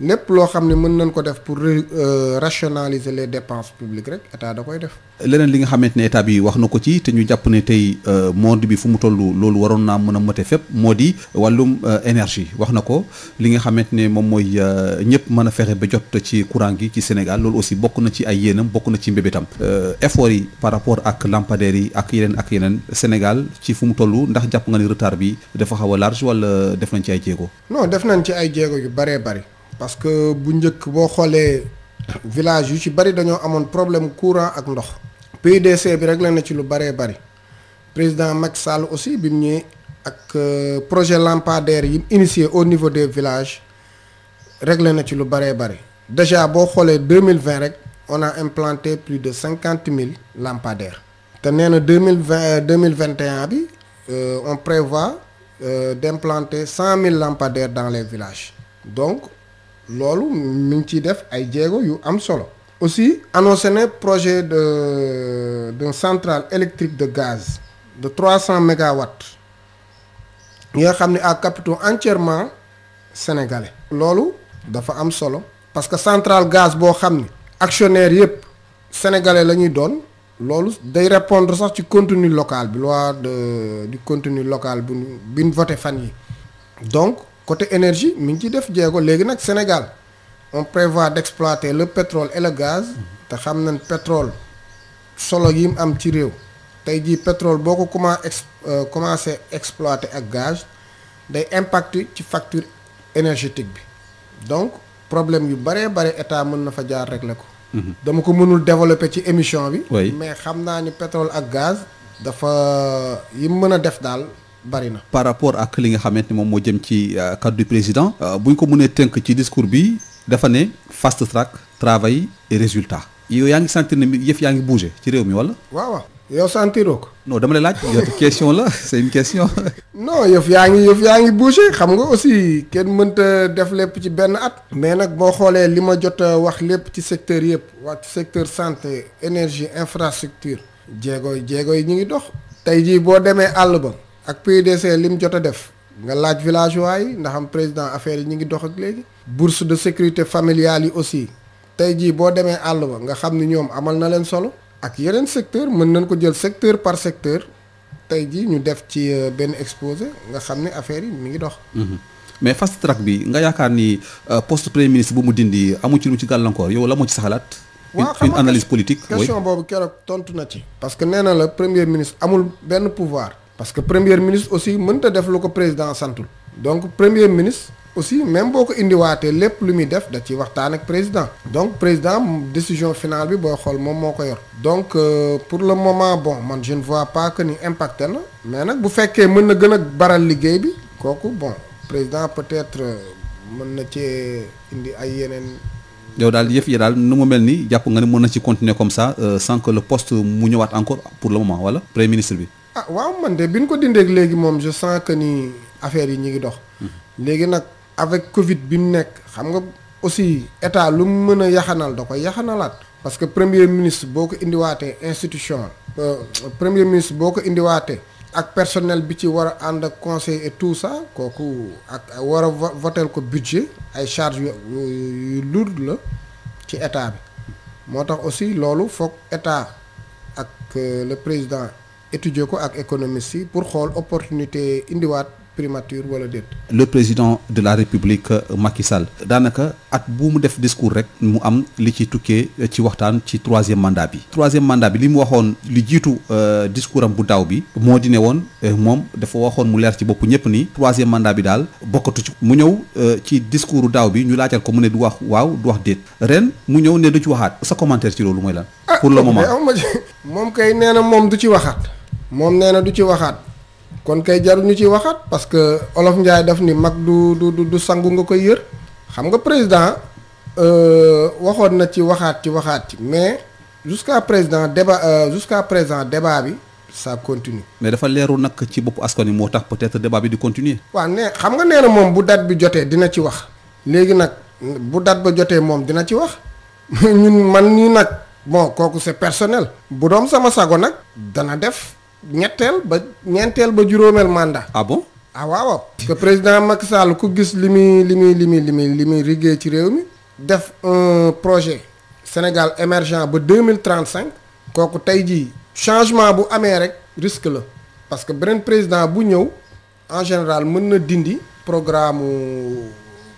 lépp loo xam ne mën nañ ko def pour euh, rationaliser les dépenses publiques rek état da koy def. leneen li nga xamante ne état bi wax na ko ci te ñu jàpp ne tey euh, monde bi fu mu toll loolu waroon naa mën a mëte fépp moo di wàllum euh, énergie wax na ko li nga xamante ne moom mooy ñëpp mën a fexe ba jot ci courant gi ci Sénégal loolu aussi bokk na ci ay yéenam bokk na ci mbébétam. effort yi par rapport ak lampadaires yi ak yeneen ak yeneen Sénégal ci fu mu toll ndax jàpp nga ne retard bi dafa xaw a large wala def nañ ci ay jéego. def nañ ci ay jéego yu bëree bëri. parce que bu njëkk boo xoolee village yu ci bari dañoo amoon problème courant ak ndox. PUDC bi réglé na ci lu bëree bari président Macky Sall aussi bi mu ñëwee ak euh, projet lampadaire yi mu initié au niveau des villages réglé na ci lu baree bari déjà boo xoolee deux mille vingt rek on a implanté plus de cinquante mille lampadaires. te nee na deux mille vingt euh, deux mille vingt et un bi euh, on prévoit d' cent mille lampadaires dans les villages donc. loolu mi ngi ciy def ay jéego yu am solo. aussi annoncé na projet de d'une centrale électrique de gaz de trois cent mégawatts yi nga xam ne à capitaux entièrement sénégalais. loolu dafa am solo. parce que centrale gaz boo xam ne actionnaire yëpp sénégalais la ñuy doon loolu day répondre sax ci continue locale bi loi de di continue locale bu ñu voté fan yi donc. côté énergie mi ngi ciy def jéego léegi nag Sénégal on prévoit d'exploiter le pétrole et le gaz te xam nañ pétrole solo yi mu am ci réew tey jii pétrole boo ko comment ex euh, commencé exploiter ak gaz day impact ci facture énergétique bi donc problème yu baree bare état mën na fa jaar régler ko. Mhm. dama ko mënul développer ci émission bi. mais xam naa ñu pétrole ak gaz dafa yi mën a def daal. bari na par rapport ak li nga xamante ni moom moo jëm ci euh, cadre du président. Euh, bu ñu ko munee tënk ci discours bi dafa ne fast track travail et résultat. yow yaa ngi sentir ne yëf yaa ngi bougé ci réew mi wala. waaw waaw yow sentiroo ko. non dama lay laaj yow question la c' est une question. non yëf yaa ngi yëf yaa ngi bougé xam nga aussi kenn mënta def lépp ci benn at. mais nag boo xoolee li ma jot wax lépp ci secteur yëpp waa ci secteur santé énergie infrastructure. jéego jéego yi ñu ngi dox. tey jii boo demee àll ak PUDC lim jot a def nga laaj villageois yi ndax président affaire yi ñu ngi dox ak léegi. bourse de sécurité familiale yi aussi tey jii boo demee àll ba nga xam ni ñoom amal na leen solo. ak yeneen secteur mën nañ ko jël secteur par secteur tey jii ñu def ci euh, benn exposé nga xam ne affaire yi mi ngi dox. Mhm. mais fast track bi nga yaakaar ni euh, poste premier ministre bu mu dindi amu ci lu ci gàllankoor yow la moo ci saxalaat xalaat. waaw une politique. question boobu keroog tontu na ci. parce que nee na la premier ministre amul benn pouvoir. parce que premier ministre aussi mënta def lu ko président santul donc première ministre aussi même boo ko indiwaatee lépp lu muy def da waxtaan ak président donc président décision finale bi boo xool moom moo ko yor donc euh, pour le moment bon man je ne vois pas que ni impacté na mais nag bu fekkee mën na gën a baral liggéey bi kooku bon président peut-être euh, mën na cee indi ay yeneen yow daal yëf ya daal nu mu mel ni jàpp nga ne mën na ci continuer comme ça euh, sans que mu ñëwaat encore pour le moment wala voilà? bi ah waaw man de bi nu ko dindeek léegi moom je sens que ni affaire yi ñu ngi dox. Mm-hmm. léegi nag avec Covid bi mu nekk xam nga aussi état lu mu mën a yaxanal da ko yaxanalaat. parce que premier ministre boo ko indiwaatee institution euh, premier ministre boo ko indiwaatee. ak personnel bi ci war a ànd ak conseil et tout ça kooku ak war a votel ko budget ay charge yu lourd la ci état bi moo tax aussi loolu foog état ak euh, le président étudier ko ak économiste si pour xool opportunité indiwaat primature wala déet. le président de la république Macky Sall daanaka at bu mu def discours rek mu am li ci tukkee ci waxtaan ci troisième mandat bi. troisième mandat bi li mu waxoon li jiitu euh, discours am bu daaw bi moo di ne woon euh, moom dafa waxoon mu leer ci bopp ñëpp ni troisième mandat bi daal bokkatu ci. mu ñëw euh, ci discours daaw bi ñu laajal ko mu ne du wax waaw du wax déet ren mu ñëw ne du ci waxaat sa commentaire ci loolu mooy lan. Ah, pour ci waxaat. moom nee na du ci waxaat kon kay jaruñu ci waxaat parce que olof Njaay def ni mag du du du sangu nga koy yër xam nga président euh, waxoon na ci waxaat ci waxaat ci mais jusqu'à président débat euh, jusqu'à présent débat bi sa continue. mais dafa leeru nag ci bopp askan wi moo tax peut-être débat bi di continuer. waaw nee xam nga nee na moom bu date bi jotee dina ci wax léegi nag bu date ba jotee moom dina ci wax ñun man nii nag bon kooku c'est personnel. bu doom sama sago nag dana def. ñetteel ba ñeenteel ba juróomeel mandat. ah bon ah waaw que président Macky Sall ku gis li muy li muy li muy li muy li muy liggéey ci réew mi. def un projet Sénégal émergent ba deux mille trente cinq. kooku tey jii changement bu amee rek risque la parce que beneen président bu ñëw en général mën na dindi programme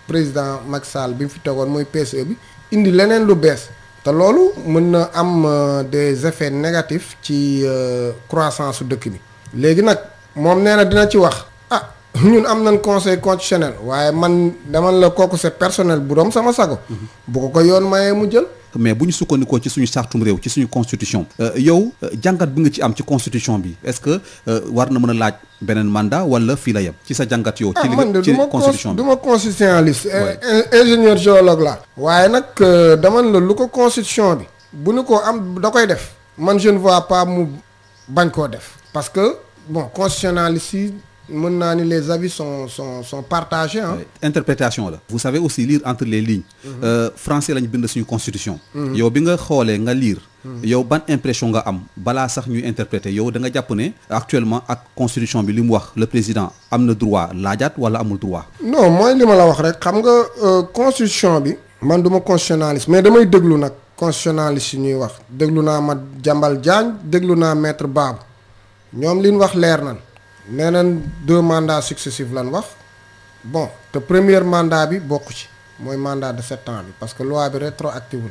président Macky Sall bi mu fi tegoon mooy PSE bi indi leneen lu bees. te loolu mën na am euh, des effets négatifs ci euh, croissance su dëkk bi. léegi nag moom nee na dina ci wax. ah ñun am nañ conseil contitionnel waaye man dama la kooku c'est personnel bu room sama sago. Mhm. bu ko ko yoon mayee mu jël. mais bu ñu sukkandikoo ci suñu chartum réew ci suñu constitution euh, yow euh, jàngat bi nga ci am ci constitution bi est-ce que euh, war na mën a laaj beneen mandat wala fii la yem ci sa jàngat yow ci li ah, ci constitution bi du ma constitutionnaliste ingénieur géologue la waaye nag dama la lu ko constitution bi bu ñu ko am da koy def man je vois pas mu bañ koo def parce que bon constitutionnaliste yi mën naa ni les avis son son sont partagés interprétation la. vous savez aussi lire entre les lignes. Mhm. Euh, français lañ bind suñu constitution. Mhm. yow bi nga xoolee nga liir mhm. yow ban impression nga am balaa sax ñuy interpréter yow da nga jàpp ne actuellement ak constitution bi li mu wax le président am na droit laajaat wala amul droit. non mooy li ma la wax rek xam nga euh, constitution bi. man duma ma mais damay déglu nag constitutionnaliste yi ñuy wax déglu naa ma Madiambal Diagne déglu naa maître Babou ñoom li wax leer nan nee nañ deux mandats successifs lan wax bon te premier mandat bi bokk ci mooy mandat de sept ans bi parce que loi bi rétroactive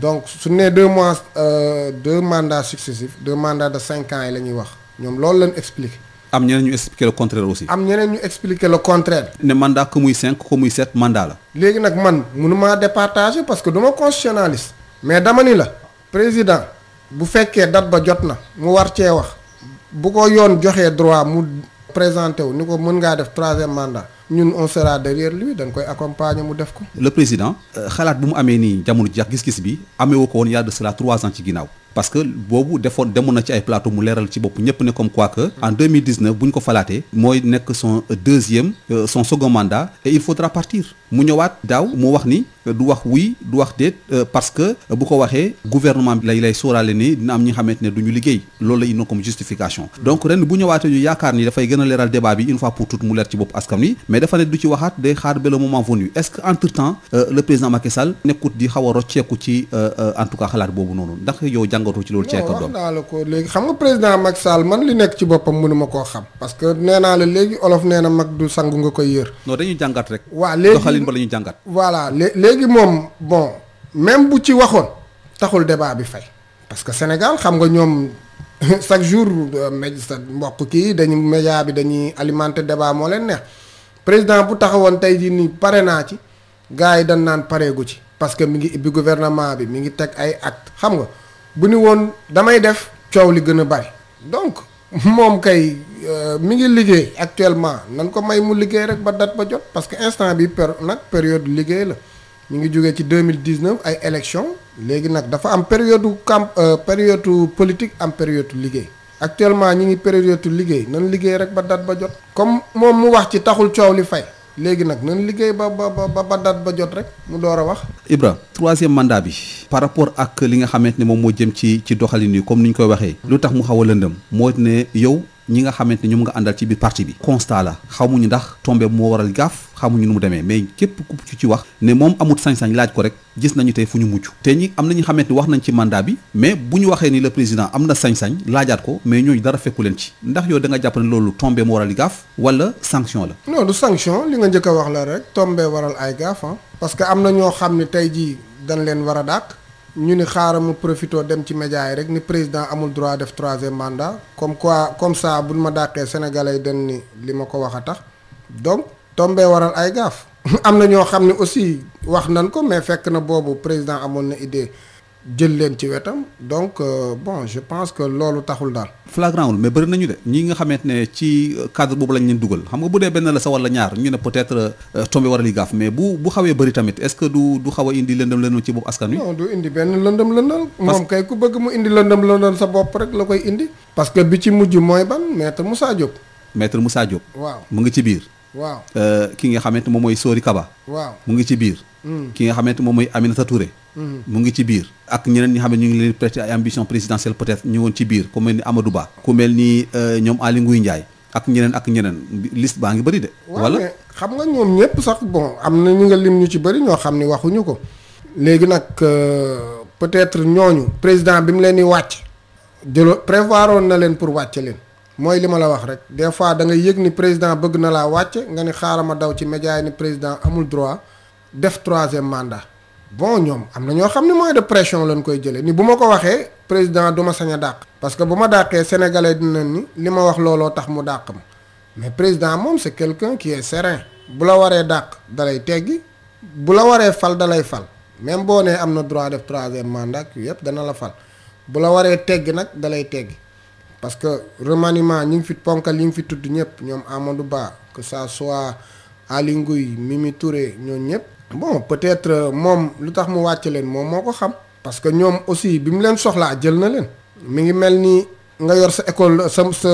donc su nee deux mois euh, deux mandats successifs deux mandats de cinq ans yi la ñuy wax ñoom loolu lañ expliqué. am ñeneen ñu expliqué le contraire aussi. am ñeneen ñu expliquer la contraire. ne mandat ko muy cinq ko muy sept mandat la. léegi nag man mënumaa départager parce que duma ma constitutionnaliste. mais dama ni la président bu fekkee date ba jot na mu war cee wax. bu ko yoon joxee droit mu présenté wu ni ko mën ngaa def troisième mandat ñun on sera derrière lui dañ koy accompagner mu def ko. le président euh, xalaat bu mu amee nii jamono ji ak gis-gis bi amee woo ko woon yàlla de cela trois ans ci ginnaaw. parce que boobu defoon demoon na ci ay plateau mu leeral ci bopp ñëpp ne comme quoi que. en 2019 bu ñu ko falaatee. mooy nekk son deuxième euh, son second mandat et il faudra partir mu ñëwaat daaw mu wax ni euh, du wax oui du wax déet parce que bu ko waxee gouvernement bi lay lay sóoraale ni dina am ñi nga xamante ne du ñu liggéey loolu la indi comme justification. donc a leeral débat mais ne du ci waxaat day xaar ba le moment venu est-ce que entre temps euh, le président Macky nekkut di xaw a rocceeku ci euh, euh, en tout cas xalaat boobu noonu ndax yow jàngatoo ci loolu. ci ak doom naa la ko léegi xam nga président Macky Sall man li nekk ci boppam mënuma koo xam. parce que nee naa la léegi olof nee na mag du sangu nga koy yër. noo dañuy jàngat rek. waa léegi doxalin ba la ñuy jàngat. voilà léegi moom bon même bu ci waxoon taxul débat bi fay. parce que Sénégal xam nga ñoom. chaque jour maj sa mbokk dañu média bi dañuy alimenter débat moo leen neex président bu taxawoon tey jii nii pare naa ci gars yi dañ naan pareegu ci parce que mi ngi ibbi gouvernement bi mi ngi teg ay acte xam nga bu ni woon damay def coow li gën a bari donc moom kay euh, mi ngi liggéey actuellement nan ko may mu liggéey rek ba date ba jot parce que instant bi per nag période liggéey la mu ngi jógee ci mille 2019 ay élection léegi nag dafa am période camp euh, période politique am période liggéey actuellement ñi ngi période liggéey nan liggéey rek ba dat ba jot comme moom mu wax ci taxul coow li fay léegi nag nan liggéey ba ba ba ba dat ba jot rek mu door a wax Ibra troisième mandat bi par rapport ak li nga xamante ne moom moo jëm ci ci doxalin yi comme ni ñu koy waxee lu tax mu xaw a lëndëm moo ne yow ñi nga xamante ni ñoom nga àndal ci biir parti bi constat la xamuñu ndax tombé moo waral gaaf xamuñu nu mu demee mais képp ku ci ci wax ne moom amut sañ-sañ laaj ko rek gis nañu tey fu ñu mujj te ñi am nañu xamante ni wax nañ ci mandat bi mais bu ñu waxee ni le président am na sañ-sañ laajaat ko mais ñooñu dara fekku leen ci ndax yow da nga jàpp ne loolu tombé moo waral gaaf wala sanction la non du sanction li nga njëkk a wax la rek tombé ah. parce que am na ñoo xam ne tey jii dañ leen war a ñu ni xaaral mu profitoo dem ci média yi rek ni président amul droit def troisième mandat comme quoi comme ça buñ ma dàqee sénégalais yi dañ ni li ma ko wax a tax donc tombee waral ay gaaf am na ñoo xam ne aussi wax nañ ko mais fekk na boobu président amoon na idée jël leen ci wetam donc euh, bon je pense que loolu taxul daal. flagrant wul mais bëri nañu de ñi nga xamante ne ci euh, cadre boobu lañ leen dugal xam nga bu dee benn la sa wala ñaar ñu ne peut-être euh, tombé war a li mais bu bu xawee bëri tamit est-ce que du du xaw a indi lëndëm lëndëm ci bopp askan wi. non du indi benn lëndëm lëndëm. moom kay ku bëgg mu indi lëndëm lëndëm sa bopp rek la koy indi. parce que bi ci mujj mooy ban maître musaa Diop. maître Moussa Diop. waaw mu ngi ci biir. waaw euh, ki nga xamante moom mooy Sori Kaba. waaw mu ngi ci biir. Hmm. ki nga xamante moom mooy Aminata Touré. Hmm. mu ngi ci biir ak ñeneen ñi xam ne ñu ngi leen prêter ay ambition présidentielle peut-être ñëwoon ci biir ku mel ni Amadou Ba ku mel ni euh, ñoom Aly Ngouille Ndiaye ak ñeneen ak ñeneen list baa ngi bëri de wala xam nga ñoom ñëpp sax bon am na ñu nga lim ñu ci bëri ñoo xam ne waxuñu ko léegi nag euh, peut-être ñooñu président bi mu leen di wàcc jëlo prévoir woon na leen pour wàcce leen mooy li ma la wax rek des fois da nga yëg ni président bëgg na laa wàcce nga ni xaaral ma daw ci média yi ni président amul droit def troisième mandat bon ñoom am na ñoo xam ne mooy de pression lañ koy jëlee ni bu ma ko waxee président du ma dàq. parce que bu ma dàqee sénégalais dinañ ni li ma wax looloo tax mu dàq ma mais président moom c'est quelqu'un qui est serein bu la waree dàq dalay teggi bu la waree fal dalay fal même boo am na droit def troisième mandat yëpp dana la fal bu la waree teggi nag dalay teggi parce que remaniement ñi ngi fi ponkal yi ngi fi tudd ñëpp ñoom Amadou Ba que ça soit Aly Ngouille Mimi Touré ñoo ñëpp. bon peut-être euh, moom lu tax mu wàcc leen moom moo ko xam. parce que ñoom aussi bi mu leen soxlaa jël na leen. mi ngi mel ni nga yor sa école sa sa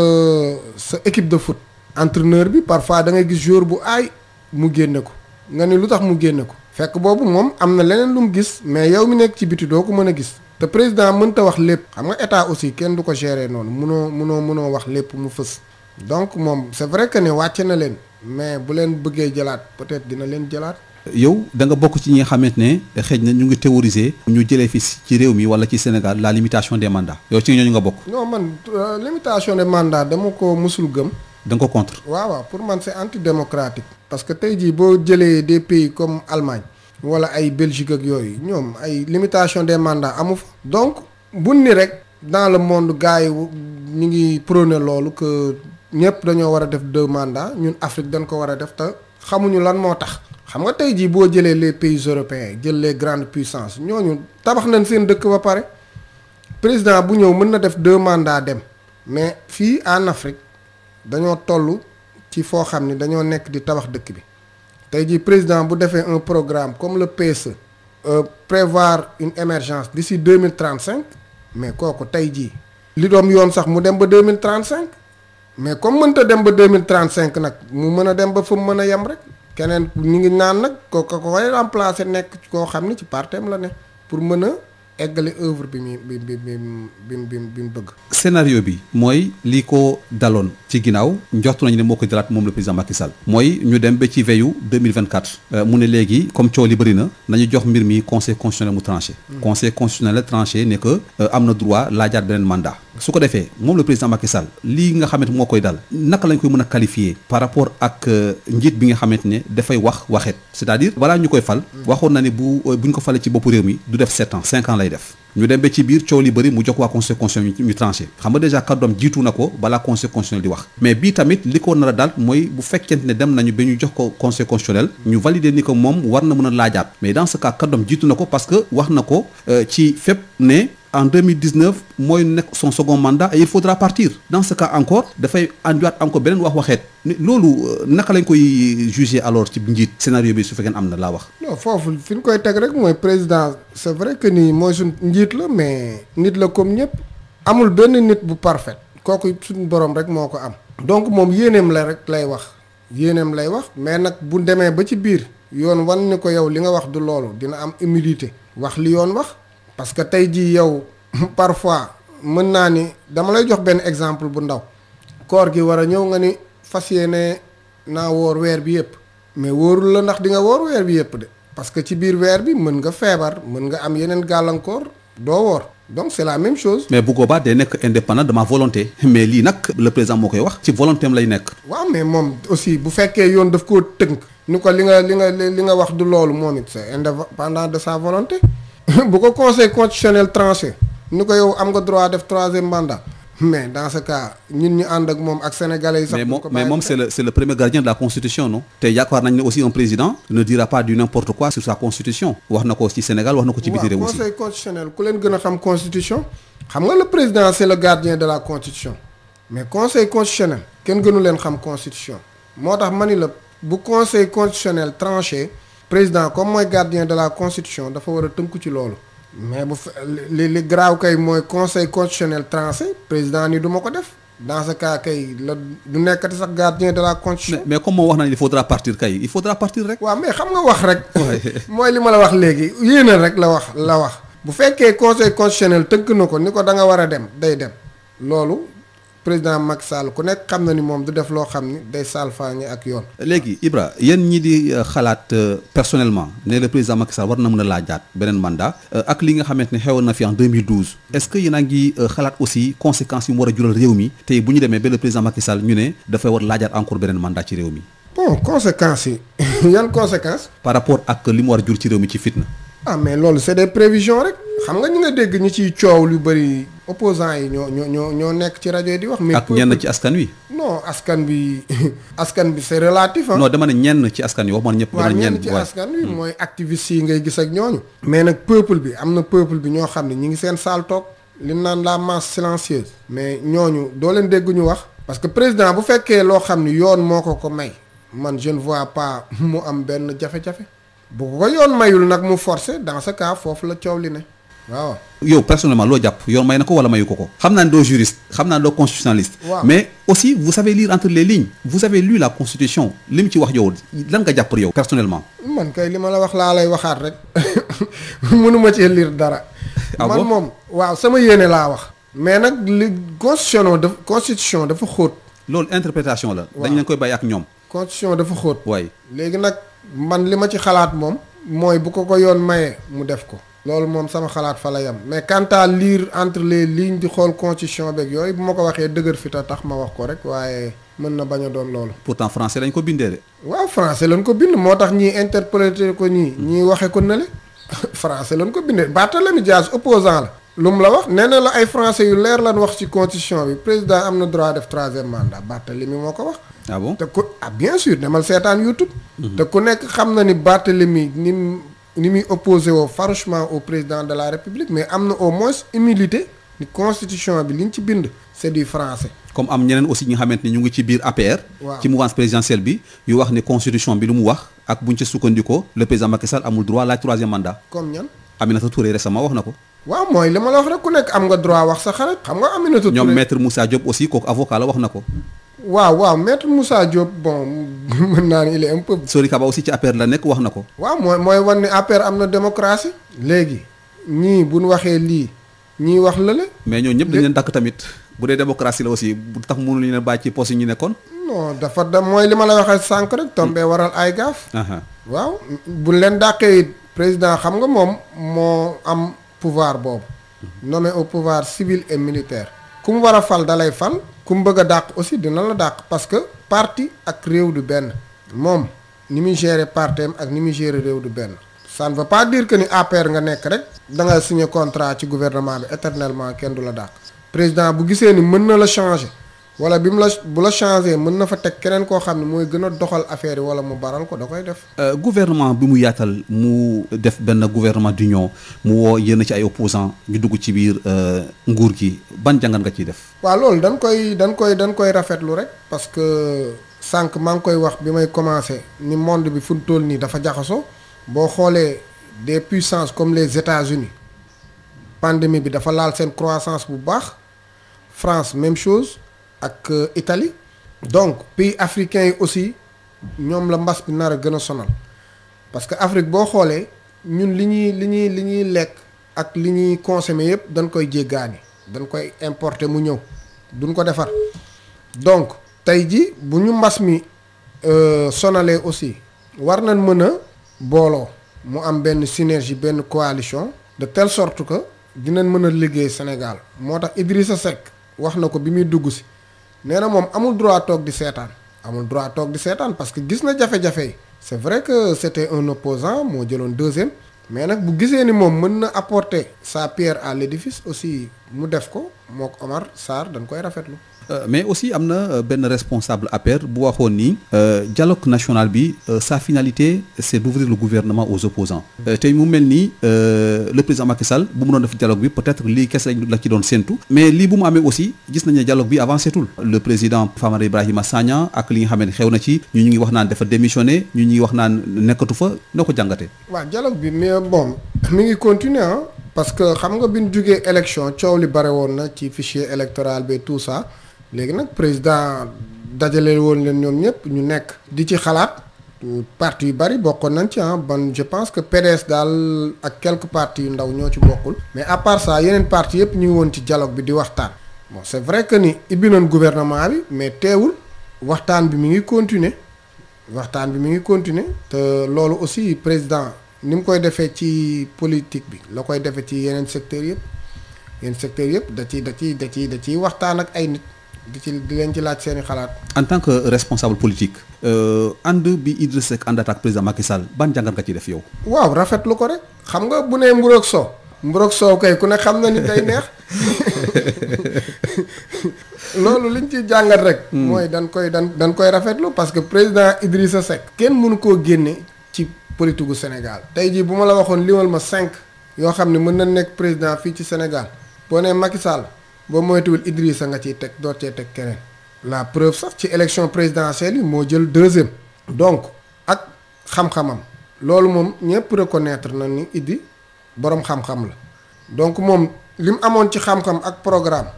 sa équipe de foot. entraîneur bi parfois da ngay gis jour bu aay mu génne ko nga ni lu tax mu génne ko. fekk boobu moom am na leneen lu mu gis mais yow mu nekk ci biti doo ko mën a gis. te président mënta wax lépp. xam nga état aussi kenn du ko gérer noonu munoo munoo munoo wax lépp mu fës. donc moom c'est vrai que ne wàcce na leen mais bu leen bëggee jëlaat peut-être dina leen jëlaat. yow da nga bokk ci ñi nga xamante ne xëy na ñu ngi théoriser ñu jëlee fi ci réew mi wala ci Sénégal la limitation des mandats yow ci ñooñu nga bokk. non man euh, limitation des mandats dama ko mosul gëm. da ko contre. waaw waaw pour man c'est antidémocratique. parce que tey jii boo jëlee de pays comme Allemagne. wala ay Belgique ak yooyu ñoom ay limitation des mandats amu fa. donc bun ni rek. dans le monde gars yi ñu ngi prôné loolu que ñëpp dañoo war a def deux mandats ñun Afrique dañ ko war a def te xamuñu lan moo tax. xam nga tey jii boo jëlee les pays européens jël les grandes puissances ñooñu tabax nañ seen dëkk ba pare président bu ñëw mën na def deux mandats dem mais fii en Afrique dañoo toll ci foo xam ni dañoo nekk di tabax dëkk bi tey jii président bu defee un programme comme le PSE euh, prévoir une émergence d'ici deux mille trente cinq mais kooku tey jii li doom yoon sax mu dem ba deux mille trente cinq mais comme mënta dem ba deux mille trente cinq nag mu mën a dem ba fa mu mën a yem rek keneen ñu ngi naan nag ko ko koy remplacer nekk koo xam ni ci partem la ne pour mën a eggale œuvre bi mu bi bi bi bi bi mu bëgg. scénario bi mooy lii ko daloon. ci ginnaaw njortu nañu ne moo ko jëlaat moom le président Macky mooy ñu dem ba ci veyu 2024 euh, mu ne léegi comme coow li bëri na nañu jox mbir mi conseil constitutionnel mu tranché mm. conseil constitutionnel tranché ne que euh, am na droit laajaat beneen mandat su ko defee moom le président Macky Sall lii nga xamante moo koy dal naka lañ koy mën a qualifier par rapport ak euh, njiit bi nga xamante ne dafay wax waxeet c'est-à-dire balaa ñu koy fal mm. waxoon na ne bu buñ ko falee ci boppu réew mi du def sept ans lay def ñu dem ba ci biir coow li bëri mu jox waa conseil constitutionnel ñu tranché xam nga dèjà kàddoom jiitu na ko balaa conseil constitutionnel di wax mais bii tamit li ko nar a daal mooy bu fekkente ne dem nañu ba ñu jox ko conseil constitutionnel ñu valider ni ko moom war na mën a laajaat mais dans ce cas kàddoom jiitu na ko parce que wax na ko euh, ci fépp ne en 2019 mooy nekk son second mandat et il faudra partir dans ce cas encore dafay andiwaat encore beneen wax waxeet loolu euh, naka lañ koy juger alors ci njiit scénario bi su fekkee am na laa wax. foofu fi ñu koy teg rek mooy président c'est vrai que nii mooy suñ njiit la mais nit la comme ñëpp amul benn nit bu parfait kooku suñu boroom rek moo ko am. donc moom yéeneem la rek lay wax yéeneem lay wax mais nag bu demee ba ci biir yoon wan ni ko yow li nga wax du dina am humilité parce que tey jii yow parfois mën naa ni dama lay jox benn exemple bu ndaw koor gi war a ñëw nga ni fas yéene naa woor weer bi yëpp mais wóorul la ndax di nga woor weer bi yëpp de parce que ci biir weer bi mën nga feebar mën nga am yeneen gàllankoor doo woor donc c'est la même chose. mais bu boobaa day nekk indépendant de ma volonté mais lii nag le président moo koy wax ci volonté am lay nekk. waaw mais moom aussi bu fekkee yoon daf koo tënk. ni ko li nga li nga li nga wax du loolu moom it c'est indépendant de sa volonté. bu ko conseil constitutionnel tranché ni ko yow am nga droit def troisième mandat mais dans ce cas ñun ñu ànd ak moom ak sénégalais yi sax. mais moom c'est le c'est le premier gardien de la constitution non. te yaakaar nañ ne aussi un président ne dira pas du n'importe quoi sur sa constitution wax na ko ci Sénégal wax na ko ci biti réew aussi conseil ku leen gën a xam constitution xam nga le président c'est le gardien de la constitution mais conseil constitutionnel kenn gënu leen xam constitution moo tax ma ni la bu conseil constitutionnel tranché. président comme mooy gardien de la constitution dafa war a tënku ci loolu mais bu li li garaaw kay mooy conseil constitutionnel tranché président ni duma ko def dans ce cas la du nekkati sax gardien de la constitution. mais comme moom wax na il faudra partir kay il faudra partir rek. waaw mais xam nga wax rek. mooy li ma la wax léegi yéena rek la wax la wax. bu fekkee conseil constitutionnel tënk na ko ni ko da nga war a dem day dem loolu. président Macky Sall ku nekk xam na ni moom du def loo xam ni day salfaañi ak yoon. léegi Ibra yéen ñi di euh, xalaat euh, personnellement ne le président Macky war na mën a laajaat beneen mandat euh, ak li nga xamante ne xewoon na fi en 2012 est-ce que yéen a ngi xalaat aussi conséquences yu mu war a jural réew mi tey bu ñu demee ba le président Macky ñu ne dafay war laajaat encore beneen mandat ci réew mi. bon conséquences yi yan conséquences. par rapport ak li mu war a jur ci réew mi ci fitna. Ah, opposant yi ñoo ñoo ñoo ñoo nekk ci rajo di wax. mais ak ñenn ci askan wi. non askan bi askan bi c'est relatif ah. non dama ne ñenn ci askan wi wax ma ñëpp. dama ne ñenn ci askan wi hmm. mooy activiste yi ngay gis ak ñooñu. mais nag peuple bi am na peuple bi ñoo xam ne ñi ngi seen saal toog li naan la masse silencieuse. mais ñooñu doo leen dégg ñu wax. parce que président bu fekkee loo xam ne yoon moo ko ko may. man je vois pas mu am benn jafe-jafe. bu ko yoon mayul nag mu forcer dans ce foofu la coow li ne. waaw yow personnellement loo jàpp yoon may na ko wala mayu ko ko xam naa ne doo juriste xam naa ne doo constitutionnaliste mais aussi vous savez lire entre les lignes vous avez lu la constitution li mu ci wax yow lan nga jàpp yow personnellement man kay li ma la wax laa lay waxaat rek mënuma cee liir dara ah man moom waaw sama yéene laa wax mais nag li constitution dafa constitution dafa xóot loolu interprétation la dañ leen koy bàyyi ak ñoom constitution dafa xóot waay léegi nag man li ma ci xalaat moom mooy bu ko ko yoon mayee mu def ko loolu moom sama xalaat fa la yam mais quant à lire entre les lignes di xool constitution beeg yooyu bu ma ko waxee dëgër fi ta tax ma wax ko rek waaye mën na bañ a doon loolu. pourtant français lañ ko bindee de. waaw français lañ ko bind moo tax ñii interpréter ko ñii. Hmm. ñii waxe ko nële. français lañ ko bindee Barthélemy Dias opposant la. lu mu la wax nee na la ay français yu leer lan wax ci constitution bi président am na droit def troisième mandat Barthélemy moo ko wax. ah bon te ku ah bien sûr demal seetaan YouTube. Hmm. te ku nekk xam na ni Barthélemy ni ni muy opposé woo farouchement au président de la république mais am na au moins humilité ni constitution bi li ñu ci bind c'est du français comme am ñeneen aussi ñi nga xamante ni ñu ngi ci biir APR waaw ci mouvance présidentielle bi yu wax ne constitution bi lu mu wax ak buñ ci sukkandikoo le président Macky Sall amul droit laaj troisième mandat comme ñan Aminata Touré ma wax na ko waaw mooy li ma la wax rek ku nekk am nga droit wax sa xarit xam nga Aminata Touré ñoom maître Moussa Diop aussi kooku avocat wax na ko waaw waaw maître Moussa Diop bon mën naa ne il est un peu. Sori aussi ci APR la nekk wax na ko. waaw mooy mooy wan ni APR am na démocratie. léegi ñii bu ñu waxee lii ñii wax la la mais ñoo ñëpp dañ leen dàkk tamit bu dee démocratie la aussi bu tax mënuñu leen bàyyi ci poste yi ñu nekkoon. non dafa da mooy li ma la waxee sànq rek. tombee mm. waral ay gaaf. waaw bu leen dàqee it président xam nga moom moo am pouvoir boobu. Mm. nommé au pouvoir civil et militaire. ku mu war a fal da lay fal. ku mu bëgg dàq aussi dina la dàq parce que parti ak réew du benn moom ni muy gérer partem ak ni muy gérer réew du benn ça ne veut pas dire que ni APR nga nekk rek da nga signé contrat ci gouvernement bi éternellement kenn du la dàq président bu gisee ni mën na la changer wala bi mu la bu la changé mën na fa teg keneen koo xam ne mooy gën a doxal affaire yi wala mu baral ko da koy def. Euh, gouvernement bi mu yaatal mu def benn gouvernement ñëw mu woo yenn ci ay opposants ñu dugg ci biir euh, nguur gi ban jàngat nga ciy def. waaw loolu dañ koy dañ koy dañ koy rafetlu rek parce que sànq maa ngi koy wax bi may commencé ni monde bi fu mu toll nii dafa jaxasoo boo xoolee des puissances comme les États-Unis pandémie bi dafa laal seen croissance bu baax France même chose. ak euh, itali donc pays africains yi aussi ñoom la mbas bi nar a gën a sonal parce que Afrique boo xoolee ñun li ñuy li ñuy li ñuy lekk ak li ñuy consommer yëpp dañ koy jéggaani dañ koy importer mu ñëw duñ ko defar donc tey ji bu ñu mbas mi euh, sonalee aussi war nañ mën a booloo mu am benn synergie benn coalition de telle sorte que dinañ mën a liggéey Sénégal moo tax sa Seck wax na ko bi muy dugg si nee na moom amul droit toog di seetaan amul droit toog di seetaan parce que gis na jafe-jafe yi c'est vrai que c'était un opposant moo jëloon deuxième mais nag bu gisee ni moom mën na apporter sa pierre à l'édifice aussi mu def ko mook Omar Sarr dañ koy rafetlu Euh, mais aussi am na euh, benn responsable APR bu waxoon ni euh, dialogue national bi sa finalité c'est d'ouvrir le gouvernement aux opposants tey mu mel nii le président Macky Sall bu mu doon def dialogue bi peut-être lii kese la ci doon séntu mais lii bu mu amee aussi gis nañ ne dialogue bi avancé tul le président Famara Ibrahima Sagna ak li nga xam ne xew na ci ñu ñu ngi wax naan dafa démissionné ñu ñu ngi wax naan nekkatu fa noo ko jàngatee. waaw dialogue bi mais bon mi ngi continuer parce que xam nga bi ñu jugee élection coow li bare woon na ci fichier électoral bi tout ça. léegi nag président dajale woon leen ñoom ñëpp ñu nekk di ci xalaat parti yu bari bokkoon nañ ci ah ban je pense que PDS daal ak quelques partis yu ndaw ñoo ci bokkul mais à part ça yeneen parti yëpp ñu woon ci dialogue bi di waxtaan bon c'est vrai que ni ibbi nañ gouvernement bi mais teewul waxtaan bi mi ngi continuer waxtaan bi mi ngi continuer te loolu aussi président ni mu koy defee ci politique bi la koy defee ci yeneen secteurs yëpp yeneen secteurs yëpp da ciy da ciy da ciy da ciy waxtaan ak ay nit di ci di leen ci laaj seen i xalaat. en tant que responsable politique. Euh, ànd bi Idriss Seck ànd ak président Macky Sall ban jàngat nga ci def yow. waaw rafetlu ko rek. xam nga bu nee mburoog soow. mburoog soow kay ku ne xam na ni day neex loolu liñ ci jàngat rek. Hmm. mooy dañ koy dan dañ koy rafetlu parce que président Idrissa Seck. kenn mënu koo génne ci politique gu Sénégal. tey jii bu ma la waxoon limal ma cinq yoo xam ne mën na nekk président fii ci Sénégal boo nee Macky Sall. boo moytuwul Idrissa nga ciy teg door cee teg keneen la preuve sax ci élection présidentielle yi moo jël deuxième donc ak xam-xamam loolu moom ñëpp reconnaître na ni Idi boroom xam-xam la donc moom li mu amoon ci xam-xam ak programme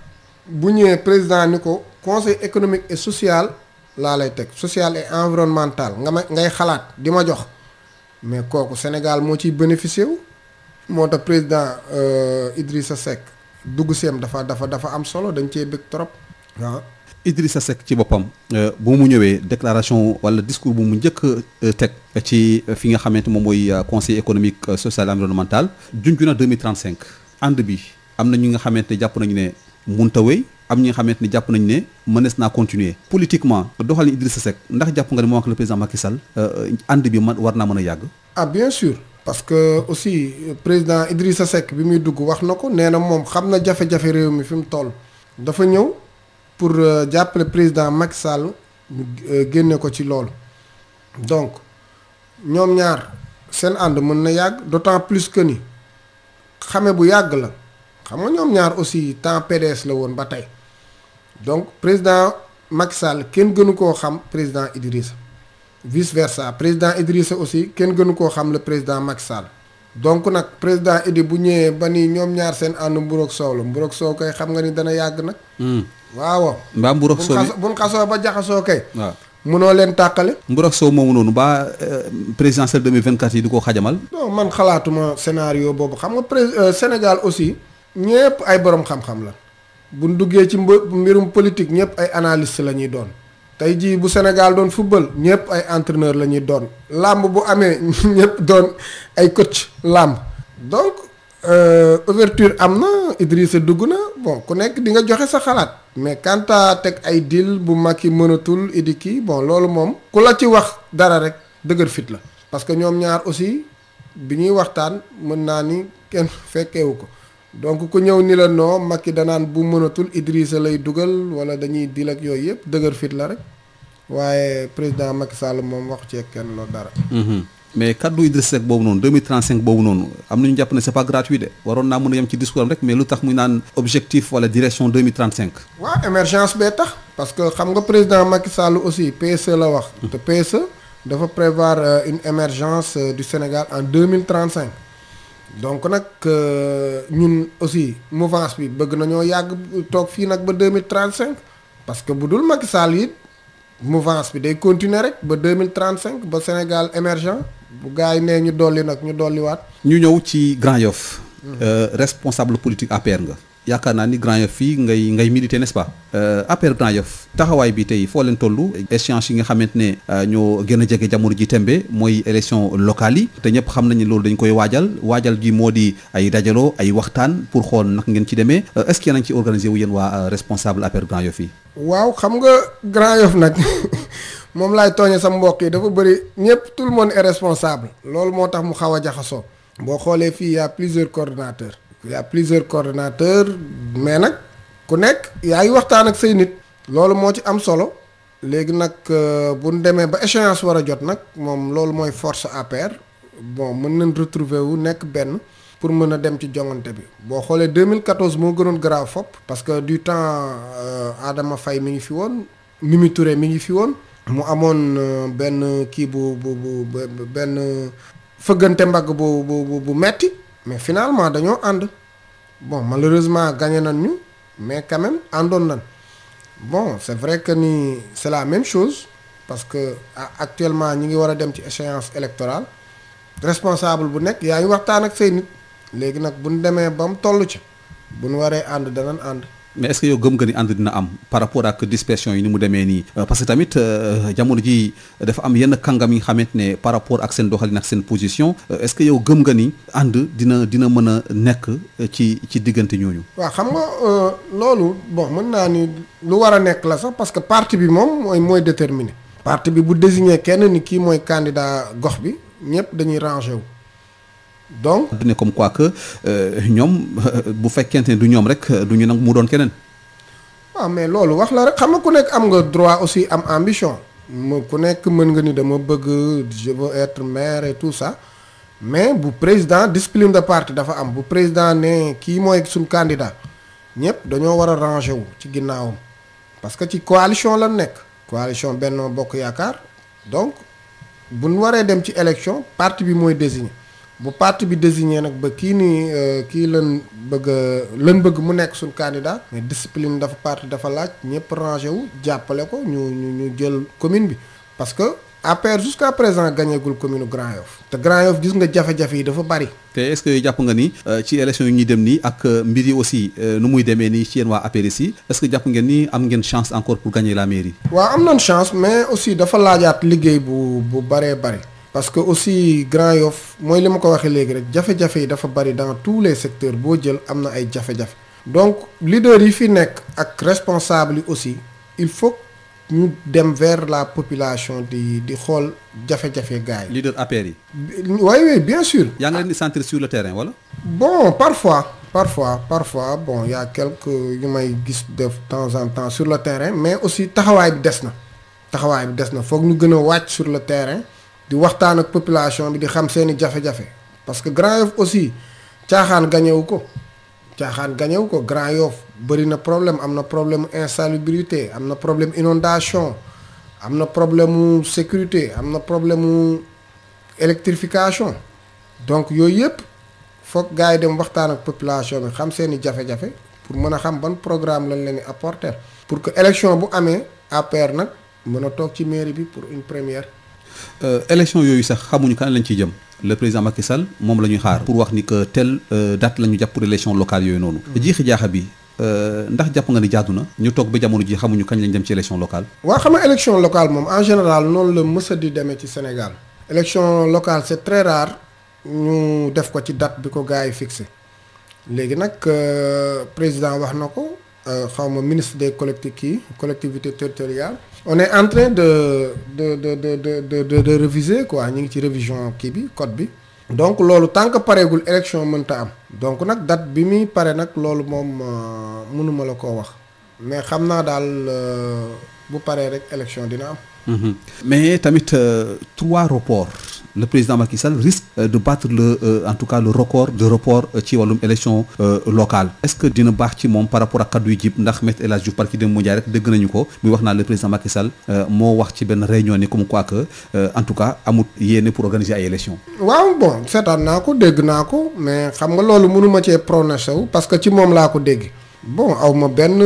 bu ñëwee président ni ko conseil économique et social laa lay teg social et environnemental nga ma ngay xalaat di ma jox mais kooku Sénégal moo ciy bénéficié wu moo tax président euh, sa Seck dugg seem dafa dafa dafa am solo dañ cee bëgg trop waaw. Ah, sa Seck ci boppam euh, bu mu ñëwee déclaration wala discours bu mu njëkk euh, teg ci fi nga xamante moom mooy euh, conseil économique social environnemental junj na 2035 ànd bi am na ñi nga xamante ne jàpp nañu ne munta wéy am ñu nga xamante ni jàpp nañu ne mënees naa continuer politiquement doxalin sa Seck ndax jàpp nga ne moom ak le président Macky Sall ànd bi man war naa mën a yàgg. Ah, parce que aussi président Idrissa Seck bi muy dugg wax na ko nee na moom xam na jafe-jafe réew mi fi mu toll. dafa ñëw pour euh, jàppale président Macky Sall mu euh, génne ko ci lool donc ñoom ñaar seen ànd mën na yàgg d'autant plus que ni xame bu yàgg la xam nga ñoom ñaar aussi temps PDS la woon ba tey donc président Macky kenn gënu koo xam président Idrissa. vice versa président Idrissa aussi kenn gënu koo xam le président Macky Sall donc nag président Idi bu ñëwee ba ni ñoom ñaar seen ànd mburoog soow la mburoog soow kay xam nga ni dana yàgg nag. Hmm. waaw. mbaa mburoog soow bu xasoo ba jaxasoo kay. waaw munoo leen tàqale. mburoog soow moomu noonu ba euh, présidentielle 2024 yi di ko xajamal. non man xalaatuma scénario boobu xam nga pré euh, Sénégal aussi ñëpp ay borom xam-xam la buñ duggee ci mbirum politique ñëpp ay analyste la ñuy doon. tey jii bu Sénégal doon football ñëpp ay entraîneur la ñuy doon làmb bu amee ñëpp doon ay coach làmb donc euh, ouverture am na Idrissa dugg na bon ku nekk di nga joxe sa xalaat mais kanta teg ay deal bu mag yi mënatul idi kii bon loolu moom ku la ci wax dara rek dëgër fit la parce que ñoom ñaar aussi bi ñuy waxtaan mën naa ni kenn fekkewu ko donc ku ñëw ni la noo Macky danaan bu mënatul Idrissa lay dugal wala dañuy dil ak yooyu yëpp dëgër fit la rek waaye président Macky Sall moom wax cee kenn loo dara. Mhm. mais kaddu Idrissa Seck boobu noonu 2035 boobu noonu am nañu jàpp ne c'est pas gratuit de waroon naa mën a yem ci discours am rek mais lu tax muy naan objectif wala direction 2035. waaw émergence bee tax parce que xam nga président Macky Sall aussi PSE la wax. Mhm. te PSE dafa prévoir euh, une émergence euh, du Sénégal en 2035. donc nag euh, ñun aussi mouvance bi bëgg nañoo yàgg toog fii nag ba deux mille cinq parce que bu dul Macky Sall it mouvance bi day continuer rek ba deux mille trente cinq ba Sénégal émergent bu gars yi nee ñu dolli nag ñu dolliwaat. ñu ñëw ci Grand Yoff. Euh, responsable politique APR nga. yaakaar naa ni Grand Yoff fii ngay ngay militer n'est-ce pas euh, APR Grand Yoff taxawaay bi tey foo leen toll échéance yi nga xamante ne euh, ñoo gën a jege jamono ji tembe mooy élection locale yi te ñëpp xam nañu loolu dañ koy waajal waajal gi moo di ay dajaloo ay waxtaan pour xool nag ngeen ci demee euh, est-ce que ci organiser wu yéen waa responsable APR Grand Yoff yi waaw xam nga Grand Yoff nag moom laay tooñe sa mbokk yi dafa bëri ñëpp tout le monde est responsable loolu moo tax mu xaw a jaxasoo boo xoolee fii y a il y a plusieurs coordonnateurs mais nag ku nekk yaa ngi waxtaan ak say nit. loolu moo ci am solo. léegi nag euh, bu ñu demee ba échéance war a jot nag moom loolu mooy force APR bon mën nañ retrouver wu nekk benn pour mën a dem ci jongante bi boo xoolee deux 2014 moo gënoon garaaw fopp parce que du temps aadama euh, fay mi ngi fi woon Mimi Touré mi ngi fi woon mu amoon euh, benn kii bu bu bu benn fëggante mbagg bu bu bu metti mais finalement dañoo ànd bon malheureusement gagné nañ ñu mais quand même àndoon nañ bon c'est vrai que ni c'est la même chose parce que actuellement ñi ngi war a dem ci échéance électorale responsable bu nekk yaa ngi waxtaan ak say nit léegi nag bu ñu demee ba mu toll ci bu ñu waree ànd danañ ànd. mais est-ce yow gëm nga ni ànd dina am par rapport ak dispersion yi ni mu demee nii euh, parce que tamit euh, jamono ji dafa am yenn kàngam yi nga xamante ne par rapport ak seen doxalin ak seen position euh, est-ce que yow gëm nga ni ànd dina dina mën a nekk ci ci diggante ñooñu waa xam nga loolu bon mën naa ni lu war a nekk la sax parce que parti bi moom mooy mooy déterminé parti bi bu désigné kenn ni kii mooy candidat gox bi ñëpp dañuy rangé wu donc dina comme quoi que euh, ñoom bu fekkente ne du ñoom rek du ñu nag mu doon keneen. waaw ah, mais loolu wax la rek xam nga ku nekk am nga droit aussi am ambition. ma ku nekk mën nga ni dama bëgg je veux être maire et tout ça mais bu président discipline de parti dafa am bu président ne kii mooy suñ candidat ñëpp dañoo war a ranger wu ci ginnaawam parce que ci coalition la nekk. coalition Benno Bokk Yaakaar donc bu buñ waree dem ci élection parti bi mooy désigné. bu parti bi désigné nag ba kii nii euh, kii lan bëgg lan bëgg mu nekk suñ candidat mais discipline dafa parti dafa laaj ñëpp rangé wu jàppale ko ñu ñu ñu jël commune bi parce que APR jusqu'à présent gañeegul commune Grand Yoff te Grand Yoff gis nga jafe-jafe yi dafa bari te est-ce que jàpp nga ni euh, ci élection yi ñuy dem nii ak euh, mbir yi aussi nu muy demee nii ci yéen waa APR yi est que jàpp ngeen ni am ngeen chance encore pour gagner la mairie waaw am nañ chance mais aussi dafa laajaat liggéey bu bu baree bari parce que aussi Grand Yoff mooy li ma ko waxee léegi rek jafe-jafe yi dafa bari dans tous les secteurs boo jël am na ay jafe-jafe donc leader yi fi nekk ak responsable yi aussi il faut ñu dem vers la population di di xool jafe-jafe gars yi. leader APR yi. waaye waaye bien sûr. yaa di sentir sur le terrain wala. bon parfois. parfois parfois bon yaa a ñu may gis def temps en temps sur le terrain mais aussi taxawaay bi des na taxawaay bi des na foog ñu gën a wàcc sur le terrain. di waxtaan ak population bi di xam seeni jafe-jafe parce que Grand Yoff aussi caaxaan gañewu ko caaxaan gañewu ko Grand Yoff bëri na problème am na problème insalubrité am na problème inondation am na problème mu sécurité am na problème mu électrification donc yooyu yëpp foog gars yi dem waxtaan ak population bi xam seeni jafe-jafe pour mën a xam ban programme lañ leen di apporter pour que élection bu amee APR nag mën a toog ci mairie bi pour une première Euh, élection yooyu sax xamuñu kan lañ ciy jëm le président Macky Sall moom la ñuy xaar pour wax ni que telle euh, date la ñu jàpp pour élection locale yooyu noonu mm-hmm. jiixi jaaxa bi euh, ndax jàpp nga ni jaadu na ñu toog ba jamono ji xamuñu kañ lañ dem ci élection locale waa xam nga élection locale moom en général noonu la mës a di demee ci Sénégal élection locale c'est très rare ñu def ko ci date bi ko gars yi fixé léegi nag président wax na ko Euh, xaw ma ministre des collecti kii collectivités territoriales on est en de de de de de de de réviser quoi ñu ngi ci révision kii bi code bi donc loolu tant que pareegul élection mënta am donc nag date bi muy pare nag loolu moom euh, mënuma la ko wax mais xam naa daal euh, bu paree rek élection dina am mm-hmm. mais tamit trois reports le président Macky Sall risque euh, de battre le euh, en tout cas le record de report euh, ci wàllum élection locale est-ce que dina baax ci moom par rapport ak kaddu yu jib ndax Maître El Hadji Diouf parki dem mondial rek dégg nañu ko muy wax naa le président Macky Sall moo wax ci benn réunion ni comme quoi que en tout cas amut yéene pour organiser ay élection waaw bon seetaan naa ko dégg naa ko mais xam nga loolu mënuma cee prononcé wu parce que ci moom laa ko dégg bon aw ma benn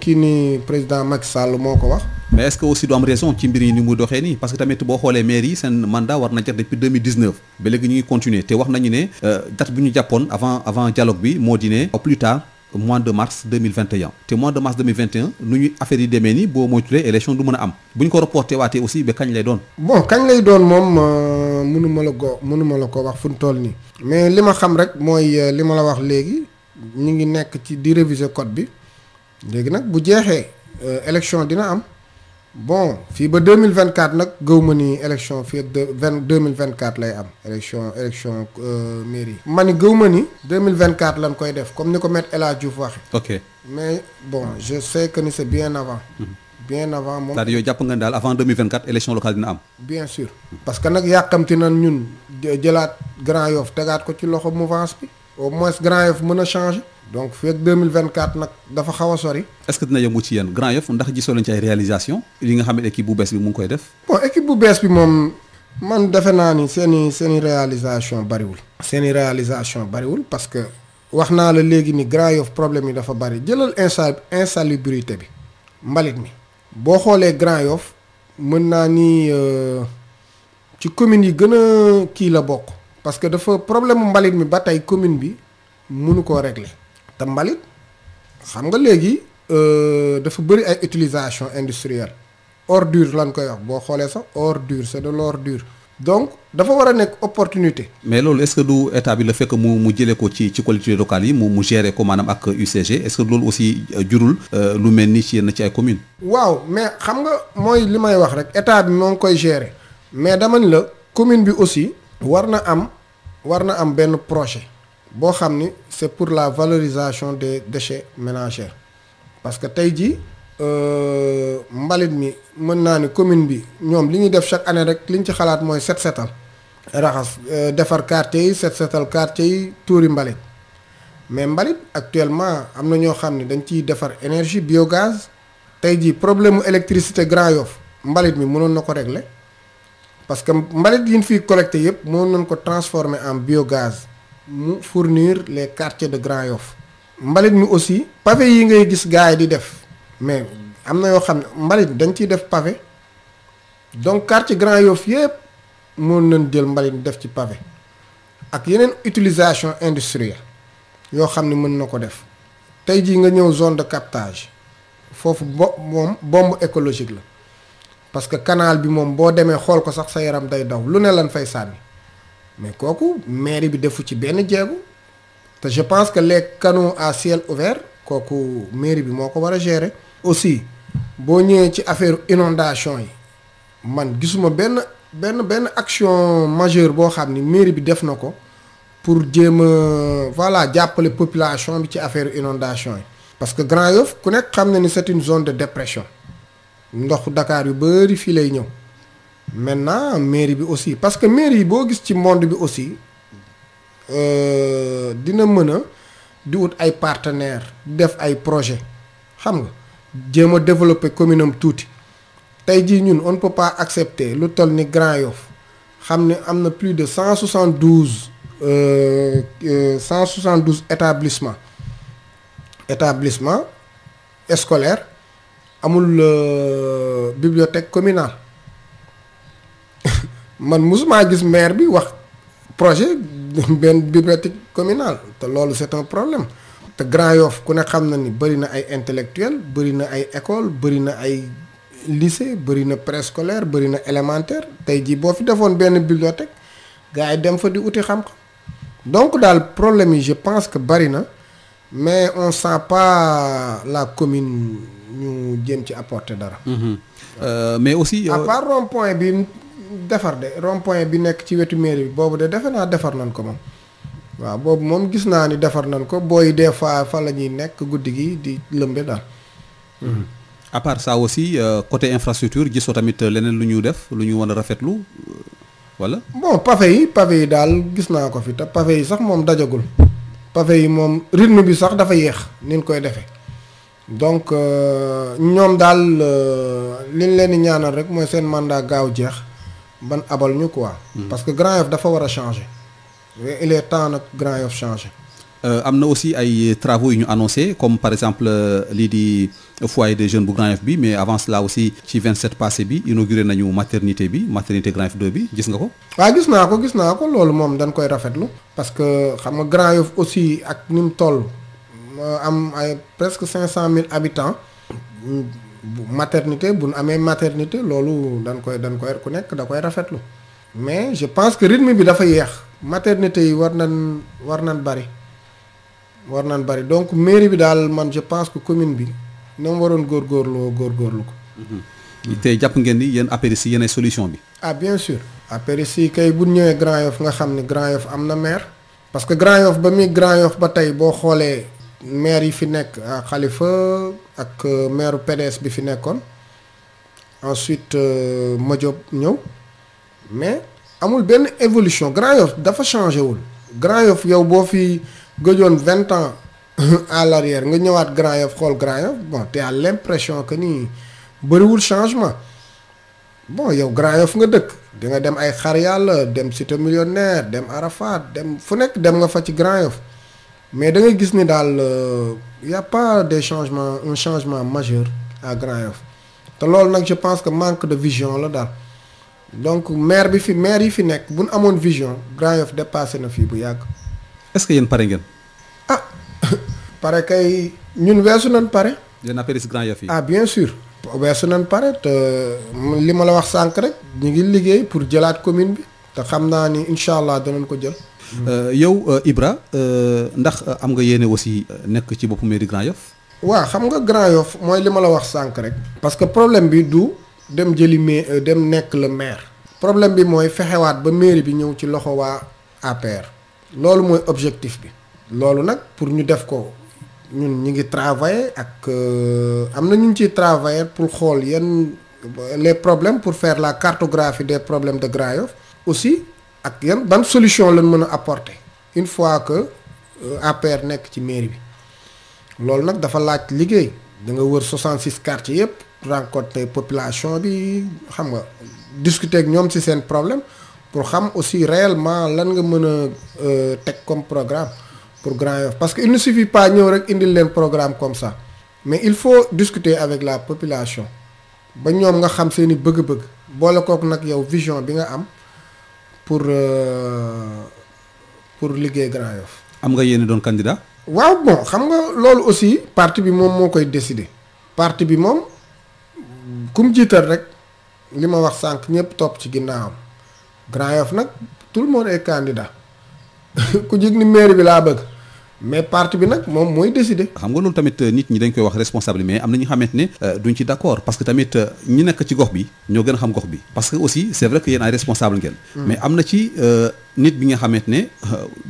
kii ni président Macky Sall moo ko wax. mais est-ce que aussi du am raison ci mbir yi ni mu doxee nii parce que tamit boo xoolee maire yi seen mandat war na jar depuis 2019 ba léegi ñu ngi continuer te wax nañu ne euh, date bi ñu jàppoon avant avant dialogue bi moo di ne au plus tard mois de mars 2021 te mois de mars 2021 nu ñu affaire yi demee nii boo moytulee élection du mën a am bu ñu ko reporté waatee aussi ba kañ lay doon. doon moom euh, mënu ma la ko mënu ma la ko wax fu mu toll mais li ma xam rek mooy euh, li ma la wax léegi. ñu ngi nekk ci di réviser code bi léegi nag bu jeexee euh, élection dina am bon fii ba deux mille vingt quatre nag gëw ma ni élection fii vingt deux mille vingt quatre lay am élection élection euh, mairie. ma ni gëw ma ni deux mille vingt quatre lañ koy def comme ni ko maître El Hadj Diouf waxee. ok mais bon ah. je sais que ni c'est bien avant. Mm-hmm. bien avant moom c'est-à-dire yow jàpp nga ne daal avant 2024 élection locale dina am. bien sûr parce que nag yàqamti nan ñun jëlaat Grand Yoff tegaat ko ci loxo mouvance bi. au moins Grand Yoff mën a changé donc vingt 2024 nag dafa xaw sori. est que dina yomb ci yéen Grand Yoff ndax gisoo leen ci ay réalisation li nga xam ne équipe bu bees bi mu ngi koy def. bon équipe bu bees bi moom man defe naa ni seen i seen réalisation bariwul. seen i réalisation bariwul parce que wax naa la léegi ni Grand Yoff problème yi dafa bari jëlal insa insalubrité bi mbalit mi. boo xoolee Grand Yoff mën naa ni euh, ci communes yi gën a kii la bokk. parce que dafa problème mbalit mi ba tey commune bi munu koo régler te mbalit xam nga léegi euh, dafa bëri ay utilisation industrielle ordure lan koy wax boo xoolee sax ordure c'est de l'ordure donc dafa war a nekk opportunité. mais loolu est-ce que du état bi la fekk mu mu jëlee ko ci ci collectivité locale yi mu mu gérer ko maanaam ak UCG est-ce que loolu aussi euh, jurul euh, lu mel ni ci yenn ci ay communes. waaw mais xam nga mooy li may wax rek état bi moo ngi koy gérer mais dama la commune bi aussi. war na am war na am benn projet boo xam ni c'est pour la valorisation des déchets ménagers parce que tey jii euh, mbalit mi mën naa ni commune bi ñoom li ñuy def chaque année rek li ñu ci xalaat mooy set setal raxas euh, defar quartier yi set setal quartier yi tuuri mbalit mais mbalit actuellement am na ñoo xam ne dañ ciy defar énergie biogaz tey jii problème mu électricité Grand Yoff mbalit mi mënoon na ko régler parce que mbalit yi ñu fiy collecté yëpp moo nañ ko transformer en biogaz mu fournir les quartiers de Grand Yoff mbalit mi aussi pavé yi ngay gis gars yi di def mais am na yoo xam ne mbalit dañ ciy def pavé donc quartier Grand Yoff yëpp moom nañ jël mbalit def ci pavé ak yeneen utilisation industrielle yoo xam ne mën na ko def tey jii nga ñëw zone de captage foofu bo moom écologique la parce que canal bi moom boo demee xool ko sax sa yaram day daw lu ne lan fay sànni mais kooku mairie bi defu ci benn jéegu te je pense que les canaux à ciel ouvert kooku mairie bi moo ko war a gérer. aussi boo ñëwee ci affaire inondation yi man gisuma benn benn benn action majeure boo xam ni mairie bi def na ko pour jéem a voilà jàppale population bi ci affaire inondation yi. parce que Grand Yoff ku nekk xam na ni c'est une zone de depression ndox dakaar yu bëri fii lay ñëw maintenant mairie bi aussi parce que mairie yi boo gis ci monde bi aussi euh, dina mën a di wut ay partenaires def ay projet xam nga jéem a développer commune am tuuti tey jii ñun on ne pas accepter lu toll ni Grand Yoff xam ne am na plus de cent soixante douze euh, euh, cent soixante douze établissement établissement scolaire amul euh, bibliothèque communal man musuma gis maire bi wax projet benn bibliothèque communal te loolu c'est problème te Grand Yoff ku ne xam na ni bëri na ay intellectuel bëri na ay école bëri na ay lycée bëri na préscolaire bëri na élémentaire tey jii boo fi defoon benn bibliothèque gars yi dem fa di uti xam-xam donc daal problème yi je pense que bëri na mais on sent pas la commune ñu jëm ci apporter dara. Mhm. Euh, mais aussi. Euh, à part rond point bi defar de rond bi nekk ci wetu mairie bi boobu de defe naa defar nañ ko moom. waaw boobu moom gis naa ni defar nañ ko booy dee fois fa la ñuy nekk guddi gi di lëmbe daal. Mhm. à part ça aussi euh, côté infrastructure gisoo tamit leneen lu ñu def lu ñu war a rafetlu wala. bon pavé yi pavé yi daal gis naa ko fi te pavé yi sax moom dajagul. pafe yi moom rythme bi sax dafa yéex ni koy defee. donc euh, ñoom daal euh, li ñu leen di ñaanal rek mooy seen mandat gaaw jeex ban abal ñu quoi. Hmm. parce que Grand Yoff dafa war a changer. il est temps nag Grand Yoff changer. Euh, am na aussi ay travaux yu ñu annoncé comme par exemple lii di foyer de jeune bu Grand Yoff bi mais avant cela aussi ci 27 passé bi inauguré nañu maternité bi maternité Grand Yoff 2 bi gis nga ko. waaw gis naa ko gis naa ko loolu moom dañ koy rafetlu. parce que xam nga Grand Yoff aussi ak ni mu Euh, am ay presque cinq cent mille habitants maternité bu nu amee maternité loolu dañ koy dañ koy ku nekk da koy rafetlu mais je pense que rythme bi dafa yéex maternité yi war nan war nan bari war nan bari donc mairie bi daal man je pense que commune bi na mu waroon góor góorlu ko. Mm-hmm. tey jàpp ngeen ni yéen APRIS yéen ay solution bi. ah bien sûr. APRIS kay bu ñëwee Grand Yoff nga xam ne Grand Yoff am na maire. parce que Grand Yoff ba muy Grand Yoff ba tey boo xoolee maire yi fi nekk xalifa ah, ak euh, maire PDS bi fi nekkoon ensuite euh, Madiop ñëw mais amul benn évolution Grand Yoff dafa changé wul Grand Yoff yow boo fi gëjoon vingt ans à l'arrière nga ñëwaat Grand Yoff xool Grand Yoff bon te à l'impression que nii bëriwul changement boo yow Grand Yoff nga dëkk di nga dem ay xar yàlla dem Cité Millionnaire dem Arafat dem fu nekk dem nga fa ci Grand Yoff mais da ngay gis ni daal euh, y' a pas des changements un changement majeur à Grand Yoff te loolu nag je pense que manque de vision la daal donc maire bi fi maire yi fi nekk bu nu amoon vision Grand Yoff dépassé na fii bu yàgg. est-ce que yéen pare ngeen. ah pare kay ñun weesu nañ pare. yéen appelé yi. Ah, bien sûr weesu nañ pare te li ma la wax sànq rek. ñu ngi liggéey pour jëlaat commune bi. te xam naa ni incha allah danañ ko jël. Euh, yow euh, Ibra euh, ndax am nga yéene aussi nekk ci boppu mairie Grand Yoff waaw xam nga Grand Yoff mooy li ma la wax sànq rek. parce que problème bi du dem jëli mai dem nekk le maire. problème bi mooy fexewaat ba mairie bi ñëw ci loxo waa APR. loolu mooy objectif bi. loolu nag pour ñu def ko ñun ñu ngi travailler ak am na ñu ngi ciy travailler pour xool yan les problème pour fair la cartographie des problèmes de Grand Yoff aussi. ak yan ban solution lañ mën a apporter une fois que euh, APR nekk ci maire bi loolu nag dafa laaj liggéey da nga wër 66 quartiers yëpp rencontrer population bi xam nga discuter ak ñoom si seen problème pour xam aussi réellement lan nga mën a euh, teg comme programme pour Grand Yoff parce que il ne suffit pas ñëw rek indil leen programme comme sax mais il faut discuter avec la population ba ñoom nga xam seeni bëgg-bëgg boole kook nag yow vision bi nga am. pour euh, pour liggéey Grand Yoff. am nga yéene doon candidat. waaw bon xam nga loolu aussi parti bi moom moo koy décidé parti bi moom ku mu jiital rek li ma wax sànq ñëpp topp ci ginnaawam Grand Yoff nag tout le monde est candidat ku jig ni maire bi laa bëgg. mais parti bi nag moom mooy décider. xam nga loolu tamit euh, nit ñi dañ koy wax responsable mais am na ñu xamante ne euh, duñ ci d' accord parce que tamit euh, ñi nekk ci gox bi ñoo gën a xam gox bi parce que aussi c' est vrai que yéen ay responsable ngeen. Mm. mais am na ci nit bi nga xamante ne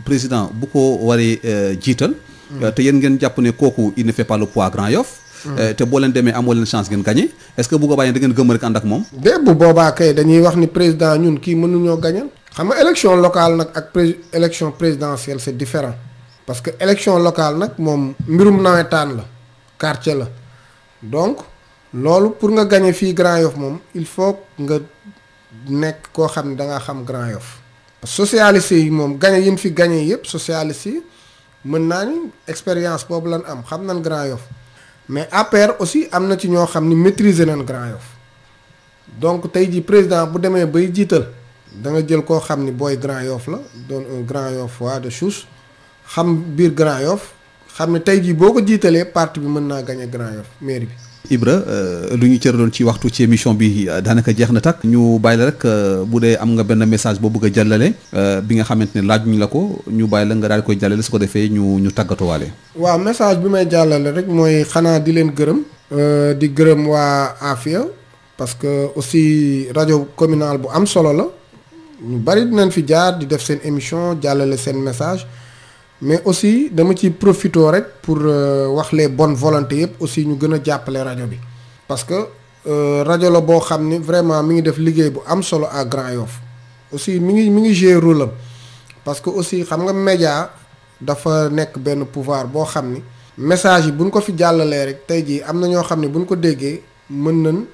président bu ko waree jiital. Mm. te yen ngeen jàpp ne kooku il ne fait pas le poids Grand Yoff. Mm. te boo leen demee amoo leen chance ngeen gagné est ce que bu ko bàyyee da ngeen gëm rek ànd ak moom. dégg bu boobaa kay dañuy wax ni ñun kii mënuñoo gagné. xam nga élection locale nag ak pré élection présidentielle c' est parce que élection locale nag moom mbirum nawetaan la quartier la donc loolu pour nga gagné fii Grand Yoff moom il faut nga nekk koo xam ne da nga xam Grand Yoff socialiste yi moom gagné yi ñu fi gagné yëpp socialiste yi mën naa ni expérience boobu lan am xam nañ Grand Yoff mais APR aussi am na ci ñoo xam ni maîtriser nañ Grand Yoff donc tey jii président bu demee bay jiital da nga jël koo xam ni booy Grand Yoff la doon un Grand fois de souche xam biir Grand Yoff xam ne tey jii boo ko jiitalee parti bi mën naa gañe Grand Yoff mairie bi. Ibra euh, lu ñu cëraloon ci waxtu ci émission bi euh, daanaka jeex na takk ñu bàyyi la rek euh, bu dee am nga benn message boo bëgg a jàllale bi nga xamante ne laajuñ la ko ñu bàyyi la nga daal koy jàllale su ko defee ñu ñu tàggatuwaale. waaw message bi may jàllale rek mooy xanaa di leen gërëm. di gërëm waa Afia parce que aussi rajo communal bu am solo la ñu bari dinañ fi jaar di def seen émission jàllale seen message. mais aussi dama ci profité rek pour euh, wax les bonnes volontés yëpp aussi ñu gën a jàppale rajo bi parce que euh, rajo la boo xam ni vraiment mi ngi def liggéey bu am solo à Grand Yoff aussi mi ngi mi ngi jouer rôle am parce que aussi xam nga média dafa nekk benn pouvoir boo xam ni message yi bu buñ ko fi jàllalee rek tey jii am na ñoo xam ne buñ ko déggee mën nañ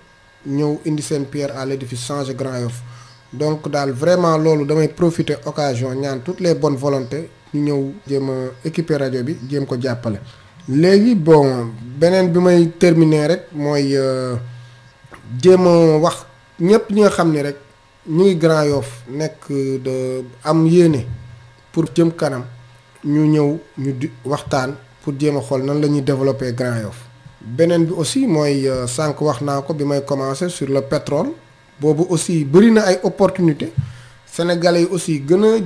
ñëw indi seen pierre à l'édifice changer Grand Yoff donc daal vraiment loolu damay profiter occasion ñaan toutes les bonnes volontés ñu ñëw jéem a équiper rajo bi jéem ko jàppale. léegi bon beneen bi may terminer rek mooy euh, jéem a wax ñëpp ñi nga xam ne rek ñu ngi Grand Yoff nekk de am yéene pour jëm kanam ñu ñëw ñu di waxtaan pour jéem a xool nan la ñuy développer Grand Yoff. beneen bi aussi mooy euh, sànq wax naa ko bi may commencer sur le pétrole boobu aussi bëri na ay opportunités sénégalais yi aussi gën a.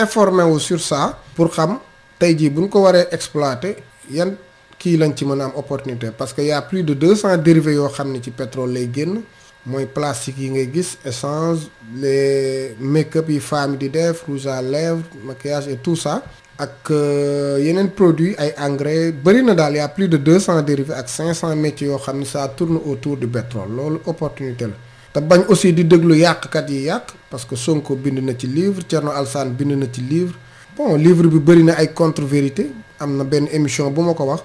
informé wu sur ça pour xam tey jii bu ko waree exploiter yan kii lañ ci mën a am opportunité parce que y' a plus de deux cent dérivés yoo xam ne ci pétrole lay génn mooy plastique yi ngay gis essence les make-up yi femmes di def rouge à lèvres maquillage et tout ça. ak euh, yeneen produit ay engrais bëri na daal y' a plus de deux cent dérivés ak cinq cent métiers yoo xam ni ça tourne autour du pétrole loolu opportunité la te bañ aussi di déglu yàqkat yi yàq. parce que Sonko bind na ci livre Thierno Alsaan bind na ci livre bon livre bi bëri na ay contre-vérité am na benn émission bu ma ko wax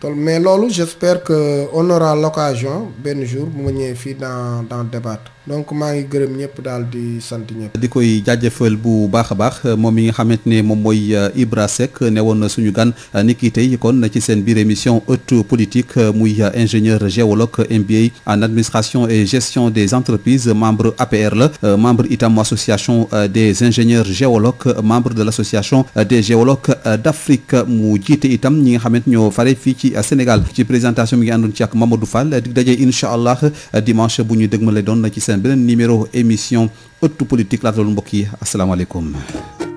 tol mais loolu j'espère que on aura l'occasion benn jour bu ñëwee fii dans dans débattre donc maa ngi gërëm ñëpp daal di sant ñëpp. di koy jaajëfal bu baax a baax moom mi nga xamante ne moom mooy euh, Ibra Seck ne woon na suñu gan euh, ni kii tey kon ci seen biir émission ëttu politique euh, muy ingénieur géologue MBA en administration et gestion des entreprises membre APR la membre itam association des ingénieurs géologues membre de l' association des géologues d' mu jiite itam ñi nga xamante ñoo fare fii ci Sénégal ci présentation mi ngi àndoon ci ak daje incha allah dimanche bu ñu dëgmale ci seen beneen numéro émission ëttu politique laata loolu mbokk yi asalaamaaleykum